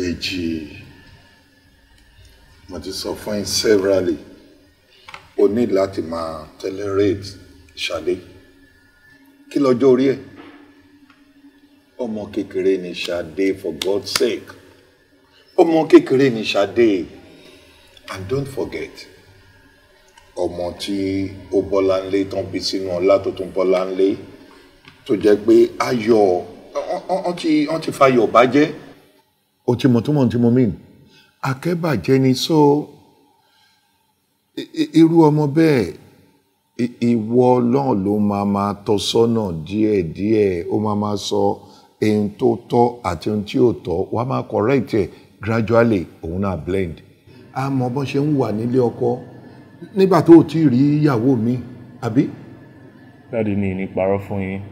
Speaker 3: Dèjì mo ti sọ fún yín severally o ní láti máa tolerate Ṣadé kí lọ́jọ́ orí ẹ̀ ọmọ kékeré ni Ṣadé for God's sake ọmọ kékeré ni Ṣadé and don't forget ọmọ tí ó bọ́lá ńlé tán bí sínú ọlá tó tún bọ́lá ńlé tó jẹ́ pé ayọ̀ wọ́n ti fayọ̀ bàjẹ́ o ti mọ̀ tó mọ̀ tí mo mean akẹ́bàjẹ́ ni so irú ọmọ bẹ́ẹ̀ ìwọ náà ló máa máa tọ́ sọ́nà díẹ̀díẹ̀ ó máa máa sọ ohun tó tọ́ àti ohun tí ò tọ́ wàá máa correct ẹ̀ gradually òun náà blend a mọ bọ́n ṣe ń wà nílé ọkọ nígbà tó o ti rí ìyàwó mi àbí. dáàdi
Speaker 2: mi ní parọ́ fún yín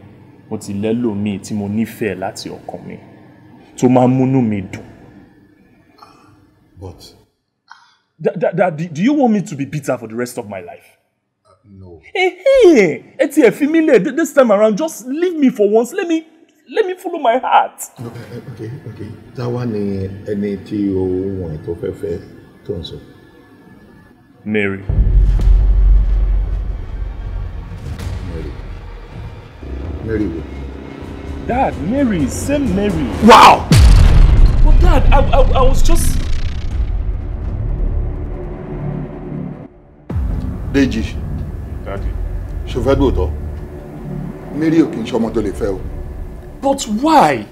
Speaker 2: mo ti lẹ́lòmíì tí mo nífẹ̀ẹ́ láti ọkàn mi tó máa ń múnú mi dùn But. That, that, that, do you want me to be bitter for the rest of my life? Uh, no. Hey, hey, Etie, Fimile, this time around, just leave me for once. Let me, let me follow my heart.
Speaker 3: Eh, eh, okay, okay, okay. Táwa ni ẹni tí o wọ̀n tó fẹ́ fẹ́ tó ń Mary. Mary. Mary
Speaker 2: Dad, Mary, same Mary. Wow!
Speaker 5: But Dad, I, I, I was just
Speaker 3: Déjì ṣe fẹ́ gbòòtọ́ Mary ò kì í ṣọmọ tó lè fẹ́ o. But why?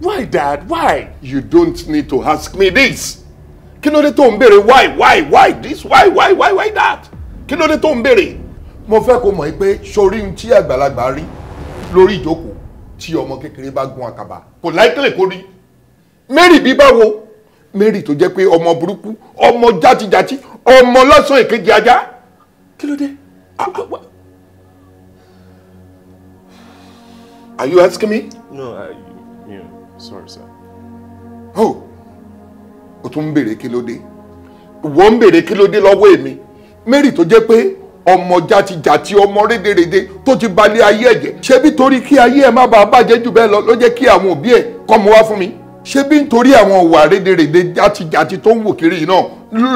Speaker 3: Why, Dad? Why? You don't need to ask me this. Kí ló dé tó ń béèrè why why why this why why why why that? Kí ló dé tó ń béèrè? Mo fẹ́ kó mọ̀ pé sori ohun tí àgbàlagbà rí lórí ìjókòó tí ọmọ kékeré bá gun àkàbà kò láìpẹ́ kó rí. Mary bí báwo? Mary tó jẹ́ pé ọmọ burúkú, ọmọ játijáti, ọmọ lọ́sàn-án èkejì ajá kí ló dé. Ah, ah, Are you asking me?
Speaker 2: No, I, you know, sorry, sir.
Speaker 3: Oh, o tún ń béèrè kí ló dé. Ìwọ ń béèrè kí ló dé lọ́wọ́ èmi. Mary tó jẹ́ pé ọmọ jatijàti ọmọ rédèrèdè tó ti balẹ̀ ayé ẹ̀jẹ̀. Ṣé bí torí kí ayé ẹ má bàa bàjẹ́ jù bẹ́ẹ̀ lọ ló jẹ́ kí àwọn òbí ẹ̀ kọ́ mu wá fún mi? Ṣé nítorí àwọn ìwà rédèrèdè jatijàti tó ń wò kiri yìí náà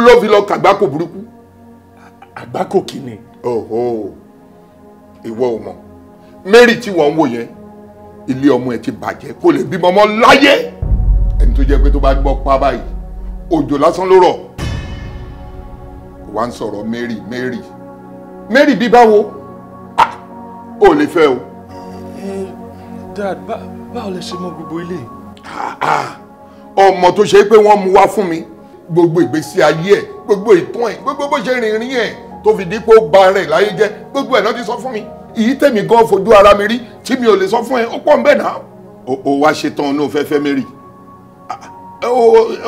Speaker 3: ló fi lọ kàgbákò burúkú? àgbákò kìíní. oho ìwọ ò mọ̀ mary tí wọ́n ń wò yẹn ilé ọmọ ẹ ti bàjẹ́ kó lè bímọ ọmọ láyé ẹni tó jẹ́ pé tó bá gbọ́ pa báyìí òjò lásán ló rọ̀ wà ń sọ̀rọ̀ mary mary mary bí báwo ah ò lè fẹ́ o. dad báwo lẹ ṣe mọ gbogbo ilé. ọmọ tó ṣe pé wọ́n mú wá fún mi gbogbo ìgbésí ayé ẹ̀ gbogbo ìtàn ẹ̀ gbogbo bó ṣe rìnrìn ẹ̀ tó fi dípò ba rẹ̀ láyé jẹ́ gbogbo ẹ̀ náà ti sọ fún mi èyí tèmi gan fojú ara mi rí tí mi ò lè sọ fún ẹ ó pọ̀ ń bẹ̀ náà. o wá ṣe tán ní o fẹ́ fẹ́ Mary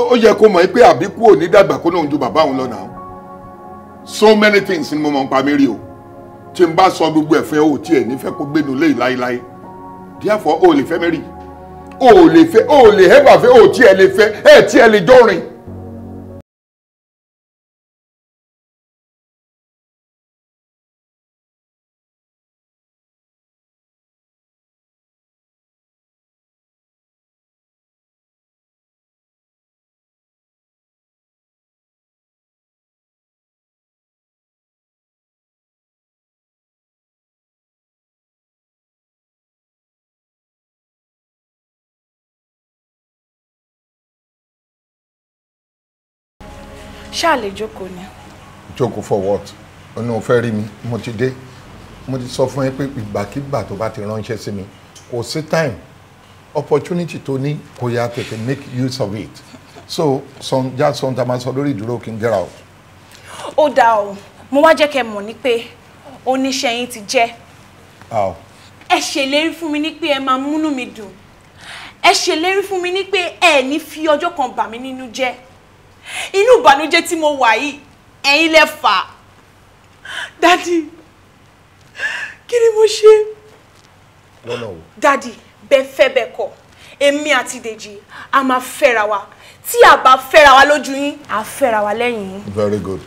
Speaker 3: ó yẹ kó mọ̀ pé àbíkú ò ní dàgbà kó náà ju bàbá òun lọ náà so many things ni mo mọ̀ ń pa Mary o tí n bá sọ gbogbo ẹ̀ fún ẹ ò tiẹ̀ nífẹ̀ẹ́ kó gbénu lé láéláé therefore o ò lè fẹ́ Mary o ò lè fẹ́ o ò lè hẹ́bà
Speaker 5: fẹ́ o ò tiẹ̀ lè fẹ́ ẹ̀ tiẹ̀ lè jọrin ṣáà lè jókòó ni.
Speaker 3: jókòó for what ọ̀nà ò fẹ́ rí mi mo ti dé mo ti sọ fún yín pé ìgbàkigbà tó bá ti ránṣẹ́ sí mi kò sí time opportunity tó ní kò yá tètè make use of it so son, já son, ta máa sọ lórí ìdúró kí n get out.
Speaker 7: ó dáa o mo wá jẹ́ kẹ́ mọ̀ ní pé oníṣẹ́ yín ti jẹ́ ẹ ṣèlérí fún mi ní pé ẹ máa múnú mi dùn ẹ ṣèlérí fún mi ní pé ẹ ní fi ọjọ́ kan bà mí nínú jẹ́ inú ìbànújẹ́ tí mo wà yìí ẹ̀yin lẹ fà á dádì kí ni mo ṣe. lọ́nà wo. dádì bẹ́ẹ̀ fẹ́ bẹ́ẹ̀ kọ́ èmi àti dèjì a máa fẹ́ra wa tí a bá fẹ́ra wa lójú yín a fẹ́ra wa lẹ́yìn
Speaker 3: very good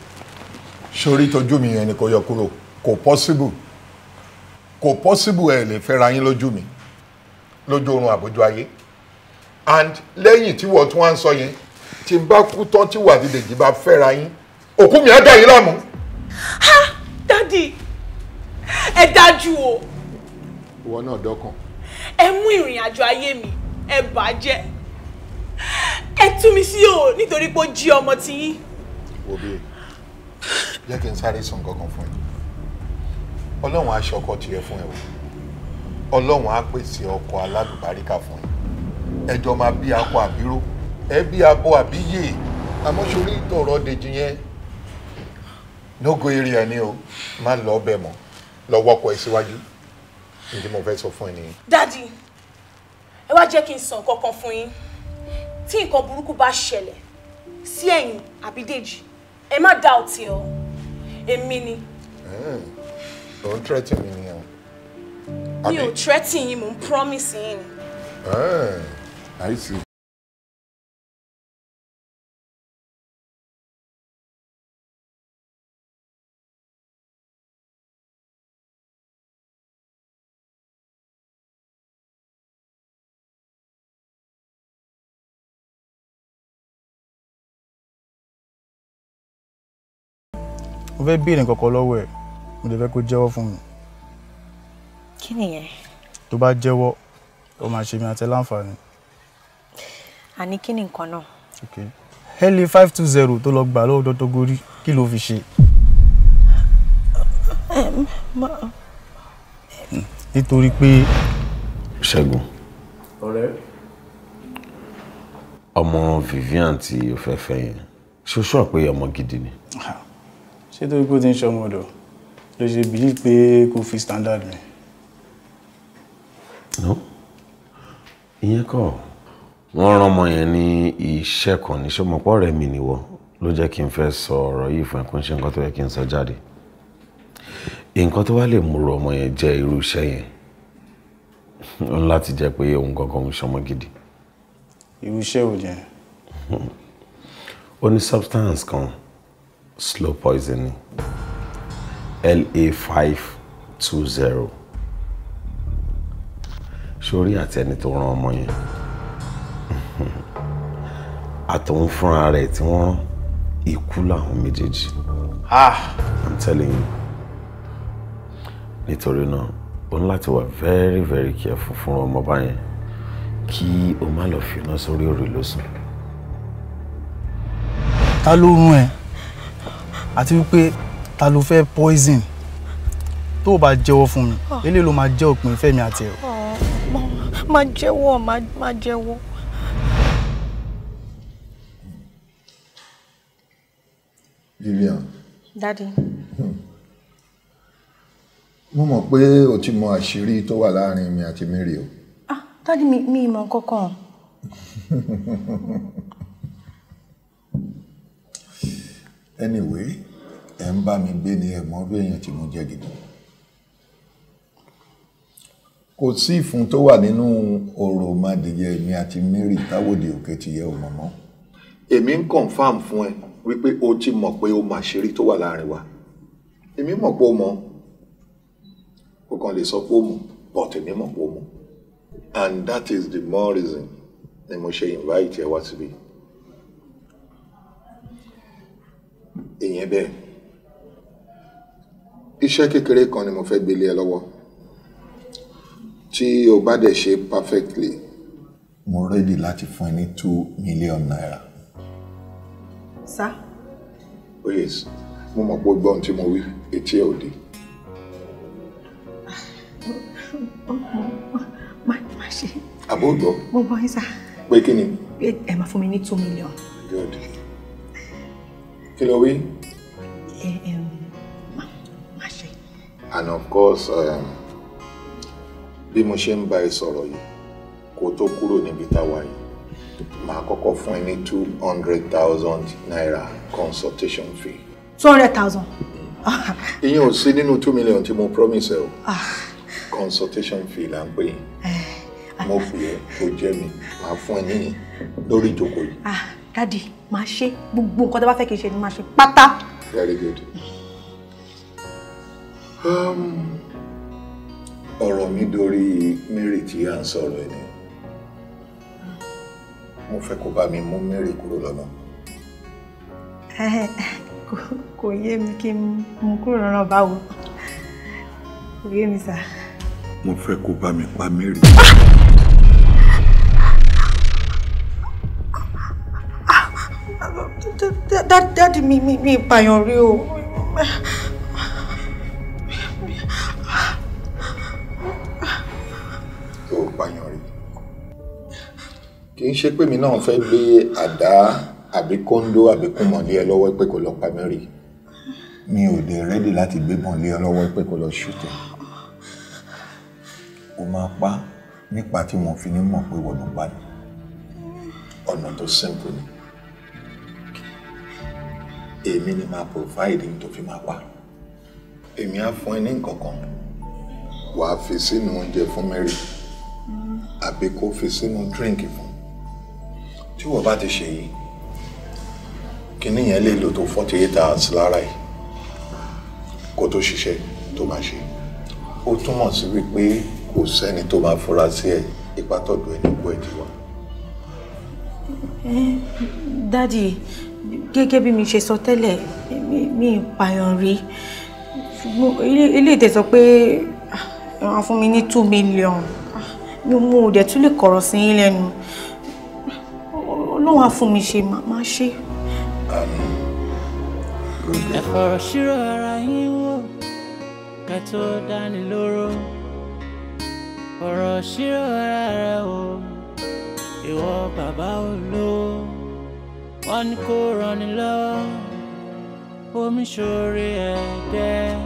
Speaker 3: sori tọ́jú mi yẹn ni kò yọ kúrò kò possible kò possible ẹ lè fẹ́ra yín lójú mi lójú oorun àbójú ayé and lẹ́yìn tí wọ́n tún wá ń sọ yẹn tí n bá kú tán tí wà dídè jì bá fẹ́ra yín òkú mi á dà yín láàmú.
Speaker 7: ha dadi ẹ dájú o.
Speaker 3: ìwọ náà dọkàn.
Speaker 7: ẹ mú ìrìn àjò ayé mi ẹ bàjẹ́
Speaker 3: ẹ tú mi sí o nítorí pé ó jí ọmọ tí yín. òbí jẹ́ kí n sáré sàn kankan fún ẹ ọlọ́run á ṣọkọ tiẹ̀ fún ẹ o ọlọ́run á pèsè ọkọ alálùbáríkà fún ẹ ẹjọ́ máa bí akọ àbíró ẹbí abo àbíyè àmọ́ sórí ìtọ̀rọ̀ dèjì yẹn nógo eré ẹni o má lọ ọbẹ̀ mọ́ lọ wọ́pọ̀ ẹ síwájú ìdí mo fẹ́ sọ fún ẹ nìyẹn.
Speaker 7: dadi ẹ wá jẹ́ kí n sọ nǹkan fún yín tí nǹkan burúkú bá ṣẹlẹ̀ sí ẹ̀yin àbí ẹ má dá ọtí ọ èmi ni.
Speaker 3: ò hmm. ń tẹ́tí mi ni o.
Speaker 5: mi ò tẹ́tí yín mò ń promise yín ni.
Speaker 3: Hmm. I see.
Speaker 1: mo fẹ́ béèrè nǹkan kan lọ́wọ́ ẹ̀ mo lè fẹ́ kó jẹ́wọ́ fún mi. kí
Speaker 7: nìyẹn.
Speaker 8: tó bá jẹ́wọ́ ó máa ṣe mi àti láǹfààní.
Speaker 7: àní kí ni nǹkan náà.
Speaker 4: okay heli five two zero tó lọ gbà lọ́wọ́ dọ́tọ́ gorí kí ló fi ṣe. Hmm. nítorí pé. ṣẹ́gun. ọ̀rẹ́. ọmọ Vivian tí o fẹ́ yẹn ṣoṣo pé ọmọ gidi ni. Ah
Speaker 8: ṣé tó kó ti ń ṣọmọ ọ̀dọ̀ ló ṣe bìlí pé kò fi standard mi.
Speaker 4: no ìyẹn kọ́ wọ́n rán ọmọ yẹn ní iṣẹ́ kan ní sọmọpọ rẹ mi nìwọ ló jẹ́ kí n fẹ́ sọ ọ̀rọ̀ yìí fún ẹ kó ń ṣe nǹkan tó yẹ kí n sọ jáde nǹkan tó wá lè múrò ọmọ yẹn jẹ́ irú iṣẹ́ yẹn ń láti jẹ́ pé òun gangan ń ṣọmọ gidi. irú iṣẹ́ ò jẹ́. ó ní substance kan slow poisoning LA520 sórí àti ẹni tó rán ọmọ yẹn àtòun fúnra rẹ̀ tí wọ́n rán ikú làwọn méjèèjì ah i'm telling you nítorí náà o ní láti wà very very careful fún ọmọ báyẹn kí o má lọ fi iná sórí òrìlósùn.
Speaker 5: ta ló rún ẹ
Speaker 4: àti
Speaker 8: wípé ta ló fẹ́ poison tó o bá jẹ́wọ́ fún mi ah. eléyìí ló máa jẹ́
Speaker 3: òpin ìfẹ́ mi àti ẹ̀.
Speaker 7: Ah, máa jẹ́wọ́ máa jẹ́wọ́. Vivian. Daddy.
Speaker 3: Hmm. Mo mọ̀ pé o ti mọ àṣírí tó wà láàrin mi àti Mary o.
Speaker 7: Ah, Daddy mi mi mọ̀ kankan.
Speaker 3: anyway ẹ̀ ń bá mi gbé ni ẹ̀ mọ́ bí èèyàn tí mo jẹ́ gidi kò sí ìfun tó wà nínú ọ̀rọ̀ ọmọdéyẹ mi àti Mary táwòdì òkè ti yẹ ọmọ mọ́. èmi ń confam fún ẹ wípé o ti mọ̀ pé o mà ṣeré tó wà láàrin wa èmi mọ̀ pé o mọ̀ o kàn lè sọ pé o mọ̀ but èmi mọ̀ pé o mọ̀ and that is the more reason ni mo ṣe invite ẹ wá síbí. èèyàn bẹ́ẹ̀ iṣẹ́ kékeré kan ni mo fẹ́ gbélé ẹ lọ́wọ́ tí o bá dẹ̀ ṣe perfectly. mo rẹ́dì láti fún ẹ ní two million naira. sá. oh yes mo mọ̀ pé o tí mo wí etí ẹ̀ ò dé. má ṣe. àbó gbọ́. mo gbọ́ yín sá. pé kí ni.
Speaker 7: ẹ máa fún mi ní two million.
Speaker 3: good. Kí ló wí? Má ṣe. And of course, um, bí mo ṣe ń bá ẹ sọ̀rọ̀ yìí, kó tó kúrò níbi táwa yìí, màá kọ́kọ́ fún ẹ ní two hundred thousand naira consultation fee.
Speaker 7: two hundred thousand.
Speaker 3: Ìyẹn ò sí nínú two million tí mo promise ẹ o. Ah. Consultation fee là ń pè é. Eh. Mo fi ẹ̀ kó jẹ́ mi, màá fún ẹ níyìn lórí ìjókòó yìí. Ah
Speaker 7: dádì máa ṣe gbogbo nǹkan tó bá fẹ́ kí n ṣe ni máa ṣe pátá.
Speaker 3: very good. Um, ọ̀rọ̀ mi dorí Mary tí à ń sọ̀rọ̀ ẹ̀ ni mo fẹ́ kó bá mi mú Mary kúrò lọ́nà.
Speaker 7: kò yé mi kí n mú kúrò lọ́nà báwo kò yé mi sà.
Speaker 3: mo fẹ́ kó bá mi pa Mary.
Speaker 7: dáàdì mi mi ìpààyàn rí o.
Speaker 3: ó pààyàn rí kì í ṣe pé mi náà fẹ́ gbé àdá àbí kóńdó àbí kúmọ̀lé ẹ lọ́wọ́ pé kò lọ pa mí rí mi ò dé rẹ́dì láti gbébọn lé ọ lọ́wọ́ pé kò lọ ṣùtẹ̀ o máa pa nípa tí mo fi ní mọ̀ pé wọ́n ló pa ni ọ̀nà tó simple ni èmi ni máa provide ní tó fi máa wà èmi á fún ẹ ní nǹkan kan wàá fi sínú oúnjẹ fún Mary àbí kó fi sínú drink fún tí wọ́n bá ti ṣe yìí kíní yẹn lè lò tó forty eight hours lára ẹ̀ kó tó ṣiṣẹ́ tó bá ṣe ó túmọ̀ sí wípé kò sẹ́ni tó máa fura sí ẹ̀ ipa tọ̀dọ̀ ẹ̀ nípò ẹ̀ ti wà.
Speaker 7: dádì gẹ́gẹ́ bí mi ṣe sọ tẹ́lẹ̀ mi ì pààyàn rí ilé ìdẹ sọ pé wọ́n ah, fún mi ní two million ah, mi ò dẹ̀ tún lè kọ̀rọ̀ sí yín lẹ́nu ọlọ́run á mi ṣe máa ṣe.
Speaker 6: ẹ fọ̀rọ̀ ṣírò ara yín wò ká tó dáni lóró fọ̀rọ̀ ṣírò ara rẹ o ìwọ bàbá olówó. One running low, oh me sure lọ́wọ́ dead.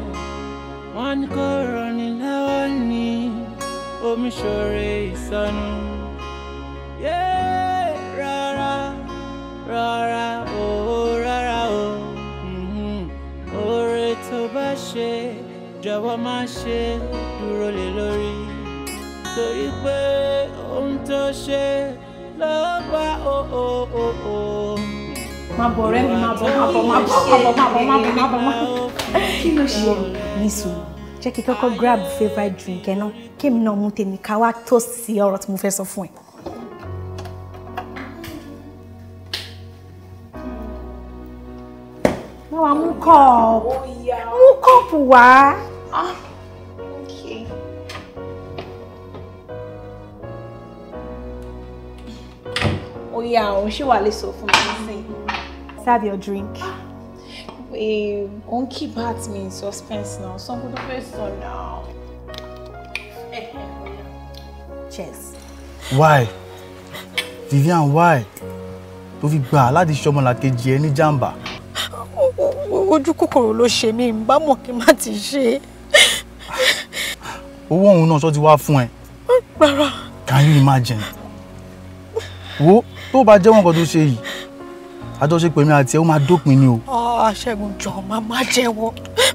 Speaker 6: One ẹ̀dẹ́ running low on me, oh me sure ṣoore ìsọnù. Yeah, rárá rárá o oh, rárá oh. oore tó bá ṣe jọ̀wọ́ má ṣe duro lé lórí torí pé ohun tó ṣe ló wà ó ó ó ó. Má bọ̀ ọ̀rẹ́ mi, má bọ̀, má bọ̀, má bọ̀, má bọ̀, má bọ̀, má bọ̀, má bọ̀,
Speaker 7: má bọ̀. Kí ló ṣe? Nísù, jẹ́ kí kọ́kọ́ grab favourite drink ẹ̀ náà, kémi náà mú tèmi ká wá toast sí ọ̀rọ̀ tí mo fẹ́ sọ fún ẹ. Mo wá mú kọ́ọ̀pù, mú kọ́ọ̀pù wá. Ah. ó yá òun ṣì wà lè sọ serve your drink. òun ah, eh, keep heart me in suspense now sanko tó fẹ́ sọ now. cheers.
Speaker 8: why Vivian why tó fi gbà láti ṣọmọ làkejì ẹ ní jàǹbá. Jamba? kòkòrò ló ṣe mí n bá mọ̀ kí n má ti ṣe. owó òun náà sọ ti wá fún can you imagine? wo tó bá jẹ́wọ́n nǹkan tó ṣe yìí àjọṣe pèmí àti ẹ̀ ó máa dópin ni o.
Speaker 7: Ah, ṣẹ́gun jọ máa má jẹ́wọ́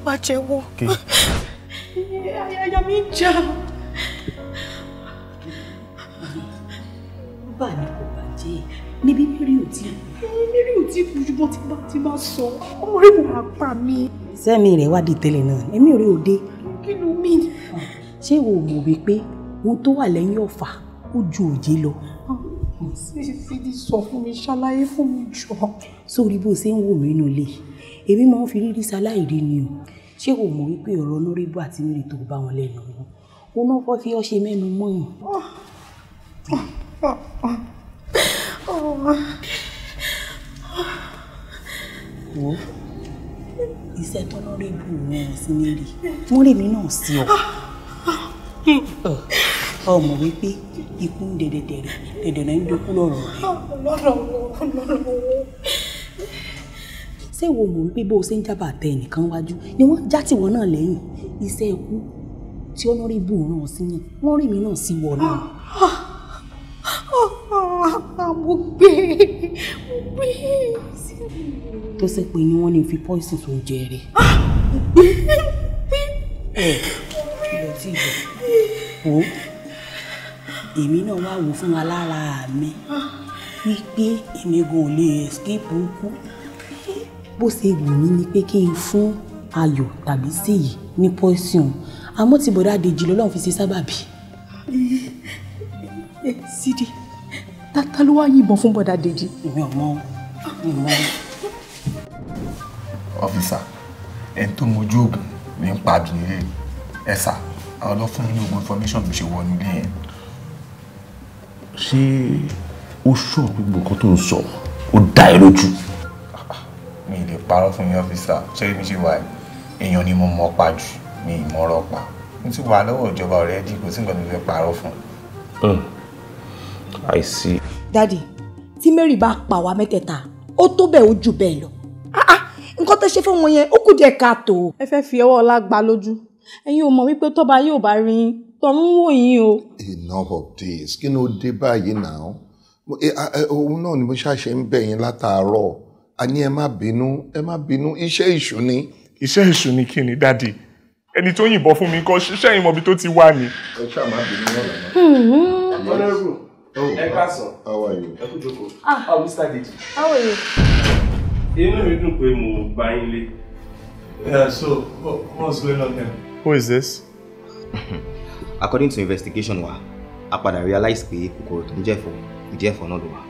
Speaker 7: má jẹ́wọ́. àyà mi ń jà. bá a ní kò bàjẹ́ níbi mẹ́rin ò tí mẹ́rin ò tí kú ṣùgbọ́n tí bá ti bá sọ ọmọ rẹ̀ kò máa pa mí. sẹ́mi rẹ̀ wá di tẹ́lẹ̀ náà ẹ̀mí ò rí òde. kí ló mí. ṣé o mọ̀ wípé ohun tó wà lẹ́yìn ọ̀fà ó ju òjé lọ fídí sọ fún mi ṣàlàyé fún mi jọ. sórí bó ṣe ń wò mí inú ilé èmi máa ń fi rírí ṣaláìrí ni o ṣé o mọ̀ wípé ọ̀rọ̀ onórébù àti mìíràn tó bá wọn lẹ́nu wọn o náà fọ́ fi ọṣẹ mẹ́nu mọ́yàn. wo iṣẹ́ tọ́nọ́rẹ́bù rẹ̀ sí mẹ́rin wọ́n lèmi náà sí ọ. ọmọ wípé ikú ń dẹ̀dẹ̀ dẹ̀rẹ̀ dẹ̀dẹ̀ náà ń dokú lọ́rọ̀ rẹ̀. lọ́rọ̀ wo lọ́rọ̀ wo. ṣé wo mọ̀ wípé bó o ṣe ń jábà tẹ ẹnìkan wájú ni wọ́n já tìwọ náà lẹ́yìn iṣẹ́ ikú tí ó lórí ibù ràn sí yàn wọ́n rí mi náà sí wọ náà. mo gbé
Speaker 1: mo gbé sí mi. tó ṣe
Speaker 7: pé ni wọ́n lè fi pọ́ìsì tó jẹ rẹ̀.
Speaker 1: ẹ ah, ẹ kí
Speaker 7: ló ti bẹ̀ wò ó èmi náà wá wò fún wa lára mi wípé èmi gan ò lè escape kú bó ṣe gbìn mí ni pé kí n fún ayọ̀ tàbí sèyí ní poison àmọ́ tí bọ̀dá dèjì lọ́lọ́run fi ṣe sábàbí. sídi tata ló wá yìnbọn fún bọ̀dá
Speaker 1: dèjì. èmi ò
Speaker 4: mọ ò mọ. ọ́fíìsà
Speaker 2: ẹni tó mojú oògùn ní ń pa ẹ sà àwọn lọ mi ní oògùn information tó ṣe wọnú ilé yẹn ṣé ó ṣọ́ gbogbo nǹkan tó ń sọ ó
Speaker 6: dá ẹ lójú. mi ì lè parọ́ fún yín ọ́fíìsà ṣé mi ṣe wà èèyàn ni mo mọ̀ pa jù mi ì mọ̀rọ̀ pa n ti wà lọ́wọ́ ìjọba already kò sí
Speaker 8: nǹkan tó fẹ́ parọ́ fún. Hmm. I see.
Speaker 7: dadi tí Mary bá pa wá mẹ́tẹ̀ẹ̀ta ó tó bẹ́ẹ̀ ó jù bẹ́ẹ̀ lọ ah, ah. nǹkan tó ṣe fún wọn yẹn ó kù díẹ̀ káàtó. ẹ fẹ́ fi ọwọ́ ọlá gba lójú ẹ̀yin ò mọ̀ wípé tọ́ba yóò bá rí tọ́mú wò yín o.
Speaker 3: enough of this kí ni ó dé báyìí náà eh, ah, eh, òun náà ni mo ṣàṣe ń bẹ̀ yín látàárọ̀ a ní ẹ má bínú ẹ má bínú iṣẹ́ ìṣù ni. iṣẹ́ ìṣù ni kí ni dáàdi ẹni tó yìnbọn fún mi kọ ṣiṣẹ́ ìmọ̀bi tó ti wá ni. ẹ ṣáà
Speaker 2: má bínú náà lọ́nà.
Speaker 1: Hmm. ọlọ́rù
Speaker 3: oh, ẹ káàsán ẹ kú jókòó
Speaker 1: ọ ah.
Speaker 2: Mr. Deji. how are you. inú mi dùn pé mo bá yín lé. Eh, so what, what's going on there. who is this. according to
Speaker 3: investigation wa a padà realize pé kòkòrò tó ń jẹ̀fọ́ ìjẹ̀fọ́ náà ló wà.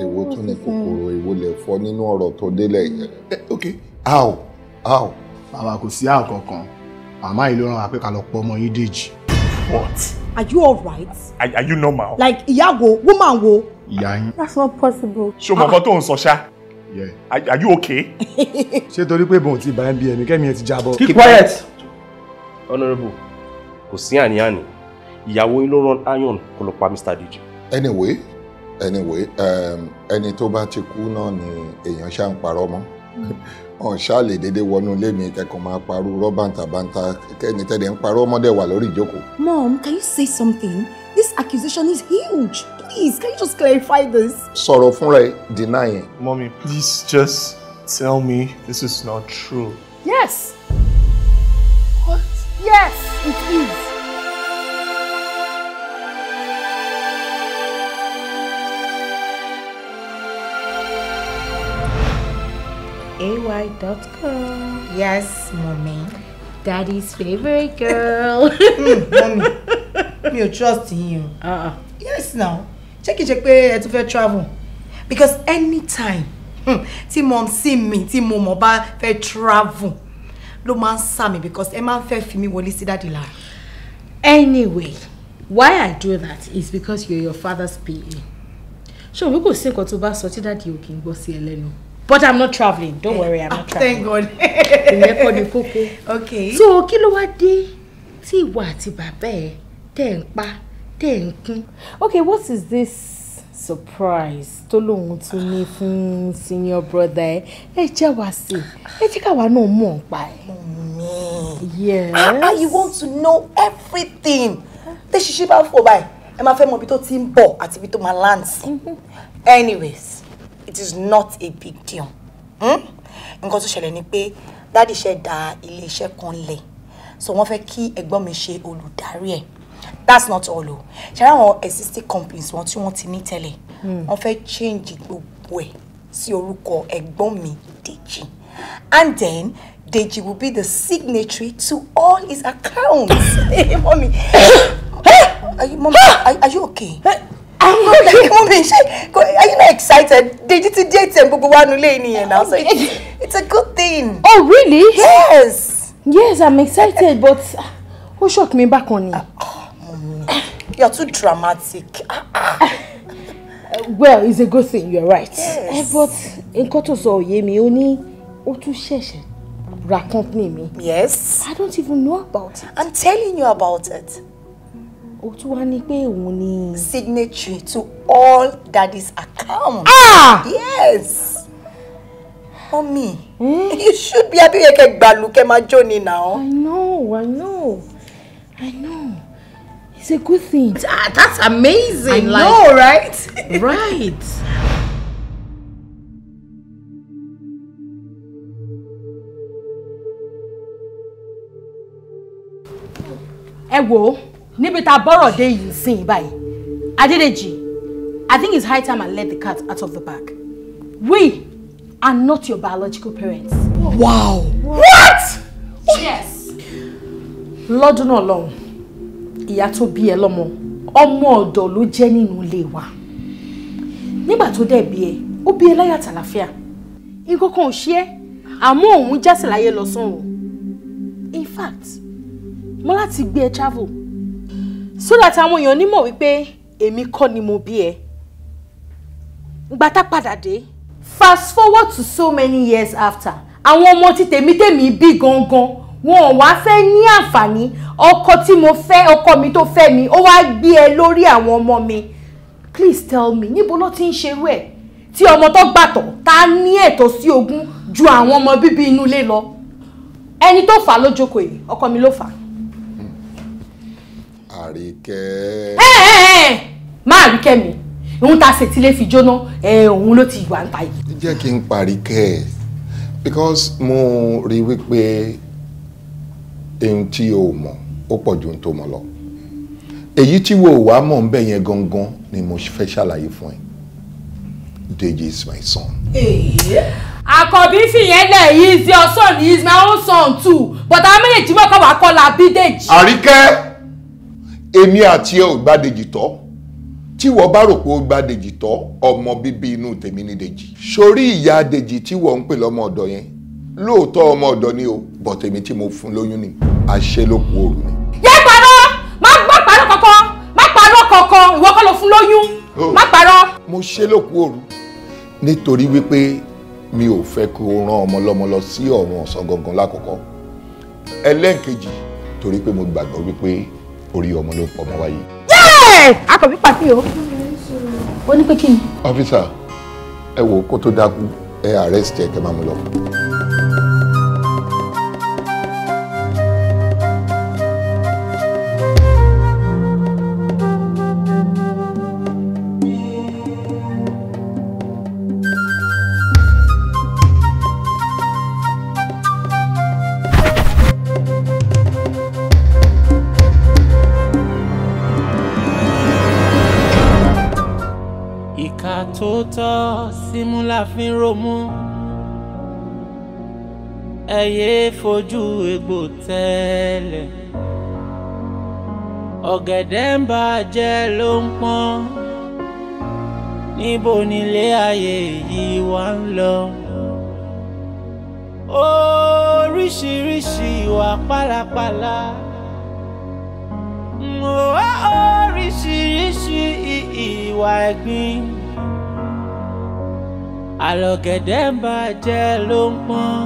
Speaker 3: èwo tún ni kòkòrò èwo lè fọ nínú ọ̀rọ̀ tó délẹ̀ yẹn. Eh, ok how how. bàbá kò sí àwọn kankan màmá yìí ló rán wa pé ká lọ pọ ọmọ yín dèjì. what.
Speaker 7: are you alright.
Speaker 3: Are, are you normal.
Speaker 7: like ìyá wo woman wo.
Speaker 3: ìyá
Speaker 2: yín.
Speaker 7: that's not possible. ṣé o mọ̀ nǹkan
Speaker 2: tó ń sọ ṣá. Yeah. Are, are you okay? ṣé torí pé bòun ti bá ń bí ẹni kẹ́mi ẹ ti jábọ́. keep quiet. honourable kò sí
Speaker 8: àní-àní
Speaker 3: ìyàwó yín ló rán iron kó lọ pa Mr. Didi. anyway anyway um, ẹni tó bá ti kú náà ni èèyàn ṣá ń parọ́ mọ́ hmm. ọ̀n ṣá lè dédé wọnú ilé mi kẹ́kọ̀ọ́ máa parú rọ́bàǹtàbàǹtà kẹ́ni tẹ́lẹ̀ ń parọ́ ọmọdé wà lórí ìjókòó.
Speaker 7: Mom, can you say something? This accusation is huge. Please, can you just clarify this?
Speaker 3: sọ̀rọ̀ fúnra ẹ̀ deny it. Mommy, please just tell me this is not true.
Speaker 7: Yes. What? Yes, it is. AY.com. Yes, mommy. Daddy's favorite girl. mm, mommy, you trust yín o. Uh-uh. Yes now, check it, check it. To fair travel? Because anytime hmm, tí mom see me, tí mom, mọ̀ fair travel ló man saw me because ẹ máa ń fẹ́ fi mi wọlé sí dáàdì lára. Anyway, why I do that is because you're your father's PA. Sure, we go see. nǹkan to bá sọ tí dáàdì ò kì í gbọ́ sí but i'm not traveling. don't worry i'm not ah, traveling. thank god. ìyẹn kọ́ ni kókó. okay. so kí ló wá dé tí ìwà àti bàbá ẹ tẹ̀ ń pa tẹ̀ ń kún. okay what is this surprise tó lóun tún ní fún senior brother ẹ ẹ jẹ́ wá sí ẹ jẹ́ káwa náà mọ̀ ọ́n pa ẹ. yes. Ah, ah you want to know everything tẹ́ ṣiṣẹ́ bá fò báyìí ẹ máa fẹ́ mọ ibi tó ti ń bọ̀ àti ibi tó máa land sí. Mm-hmm. anyways it is not a big deal hmm? nǹkan tó ṣẹlẹ̀ ni pé dáàdì ṣe dá iléeṣẹ́ kan lẹ̀ so wọ́n fẹ́ kí ẹ̀gbọ́n mi ṣe olùdarí ẹ̀ that's not all o ṣe àwọn existing companies wọn tí wọ́n ti ní tẹ́lẹ̀ hmm. wọ́n fẹ́ change gbogbo ẹ̀ sí orúkọ ẹ̀gbọ́n mi Dèjì and then Deji will be the signatory to all his accounts. hey, mommy. Hey, are you, okay? I'm ọ̀lẹ́ mú mi ṣe are you not excited They deji ti dé tẹ̀ gbogbo wa nulẹ̀ nìyẹn náà so it's, it's a good thing. oh really. yes. yes i'm excited but ah, who ó shock mi bákan ni. Ah, you're too dramatic. Ah, well it's a good thing you're right. yes. Eh, but in kotoso sọ òye mi sheshe ní me. yes. i don't even know about it. i'm telling you about it ó tún wá ní pé òun ni. signatory to all daddy's account. ah yes mọ́mí mm. you should be happy kẹ gbàlù kẹ máa jó ni now. i know i know i know it's a good thing. ah that's amazing. i like, know right. right. ẹ wò ó níbi tá a bọ́rọ̀ dé yìí sìn báyìí Adédèjì I think it's high time I let the cat out of the bag we are not your biological parents. wow what. yes. lọ́dún náà lọ́hùn ìyá tó bí ẹ lọ́mọ ọmọ ọ̀dọ̀ ló jẹ́ nínú ilé wa nígbà tó dẹ̀ bí ẹ ó bí ẹ láyà tàlàfíà nǹkan kan ò ṣe é àmọ́ òun jásẹ̀ lọ sọ́run in fact mo láti gbé ẹ travel so that àwọn èèyàn nímọ̀ wípé èmi kọ́ ni mo bí ẹ ìgbà tá padà dé fast forward to so many years after àwọn ọmọ tí tèmi tèmi bí gangan wọn ò wá fẹ́ ní àǹfààní ọkọ tí mo fẹ́ ọkọ mi tó fẹ́ mi ó wá gbé ẹ lórí àwọn ọmọ mi please tell me níbo ló ti ń ṣerú ẹ̀ tí ọmọ tó gbàtọ̀ tá ní ẹ̀tọ́ sí ogún ju àwọn ọmọ bíbí inú ilé lọ ẹni tó fà á lójókòó yìí ọkọ mi ló fà á.
Speaker 3: Àríkẹ́.
Speaker 7: máa rí kẹ́mi òun tá a ṣe tílé fi jóná òun ló ti wà ń ta yìí.
Speaker 3: jẹ́ kí n parí kẹ́ ẹ̀ because mo rí wípé ohun tí o mọ̀ ó pọ̀ ju ohun tó mọ̀ lọ èyí tí wo wàá mọ̀ ń bẹ̀ yẹn gangan ni mo fẹ́ ṣàlàyé fún ẹ Deji is my son.
Speaker 7: àkọ́bí fìyẹn lẹ̀ yìí is your son he is my own son too but àwọn méjèèjì mọ̀ kọ́ wàá kọ́ la bí Deji.
Speaker 3: Àríkẹ́ èmi àti ẹ ò gba Dèjì tọ́ tí wọ́n bá rò pé ó gba Dèjì tọ́ ọmọ bíbí inú tèmi ni Dèjì sórí ìyá Dèjì tí wọ́n ń pè lọ́mọ ọ̀dọ̀ yẹn lóòótọ́ ọmọ ọ̀dọ̀ ni o bọ̀ tèmi tí mo fún lóyún ni àṣẹ ló kú òru ni. yé
Speaker 7: parọ́ má má parọ́ kankan má parọ́ kankan ìwọ kọ́ ló fún lóyún oh. má parọ́.
Speaker 3: mo ṣe ló kú òru nítorí wípé mi ò fẹ́ kó rán ọmọ lọ́mọ lọ sí ọ̀run ọ̀sán gangan lákọ̀ọ́kọ́ ẹlẹ́ǹkejì torí pé mo gbàgbọ́ wípé orí ọmọ ló pọ̀ mọ́ wáyé.
Speaker 7: akọ̀bí pàtí o ó ní pé kí ni.
Speaker 3: ọ́fíìsà ẹ wo kó tó dákú ẹ arrest ẹ kẹ máa mú lọ.
Speaker 6: fi ń romú ẹ yéé fojú egbò tẹ́lẹ̀ ọ̀gẹ̀dẹ̀ ń bàjẹ́ ló ń pọ́n níbo nílé ayé yìí wá ń lọ oríṣiríṣi ìwà pálapàla oríṣiríṣi ìwà ẹ̀gbin àlọ̀gẹ̀dẹ̀ ń ba ló ń pọ́n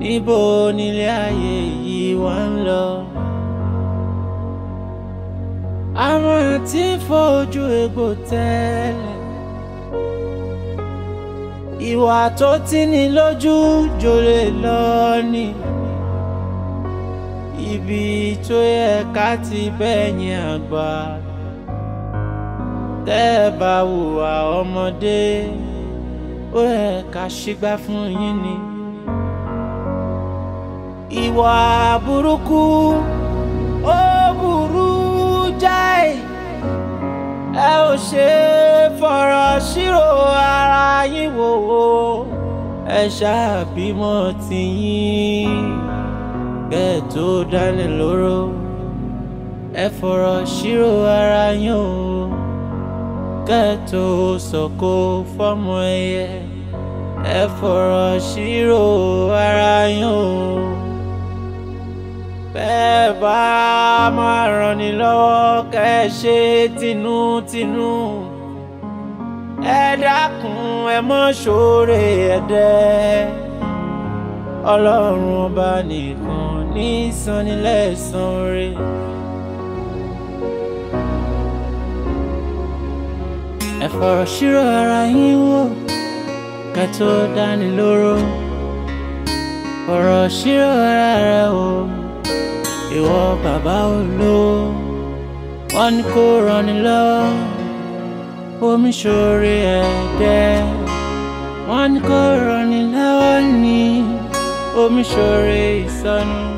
Speaker 6: níbo nílé ayé yìí wá ń lọ. àwọn tí ń fojú egbò tẹ́lẹ̀ ìwà ti ní lójú jòlè lọ ibi tó yẹ ká ti bẹ́ẹ̀ tẹ́ ẹ bá hùwà ọmọdé ó yẹ ká ṣígbá fún yín ni. ìwà burúkú ó burú jáì ẹ ò ṣe fọ̀rọ̀ ṣírò ara yín wò ó ẹ ṣàbímọ tìyín kẹ́ ẹ tó dánilóró ẹ fọ̀rọ̀ ṣírò ara yín o kẹ́tò sọ̀kò fọ́mọ ẹyẹ ẹ fọ̀rọ̀ ṣírò ara yín o bẹ́ẹ̀ bá máa ràn ní lọ́wọ́ kẹ́ ẹ ṣe tinútinú ẹ dákun ẹ mọ́ ṣoore ẹ̀dẹ́ ọlọ́run ọba nìkan ní sanni lẹ́san rẹ̀. ẹ fọ̀rọ̀ ṣírò ara yín wò kẹ́ tó dáni lóró fọ̀rọ̀ ṣírò ara rẹ wò ìwọ bàbá olówó wọn ní kó rani lọ́wọ́ omi ṣoore ẹ̀dẹ́ wọn ní kó rani lọ́wọ́ ní omi ṣoore ìsọnù.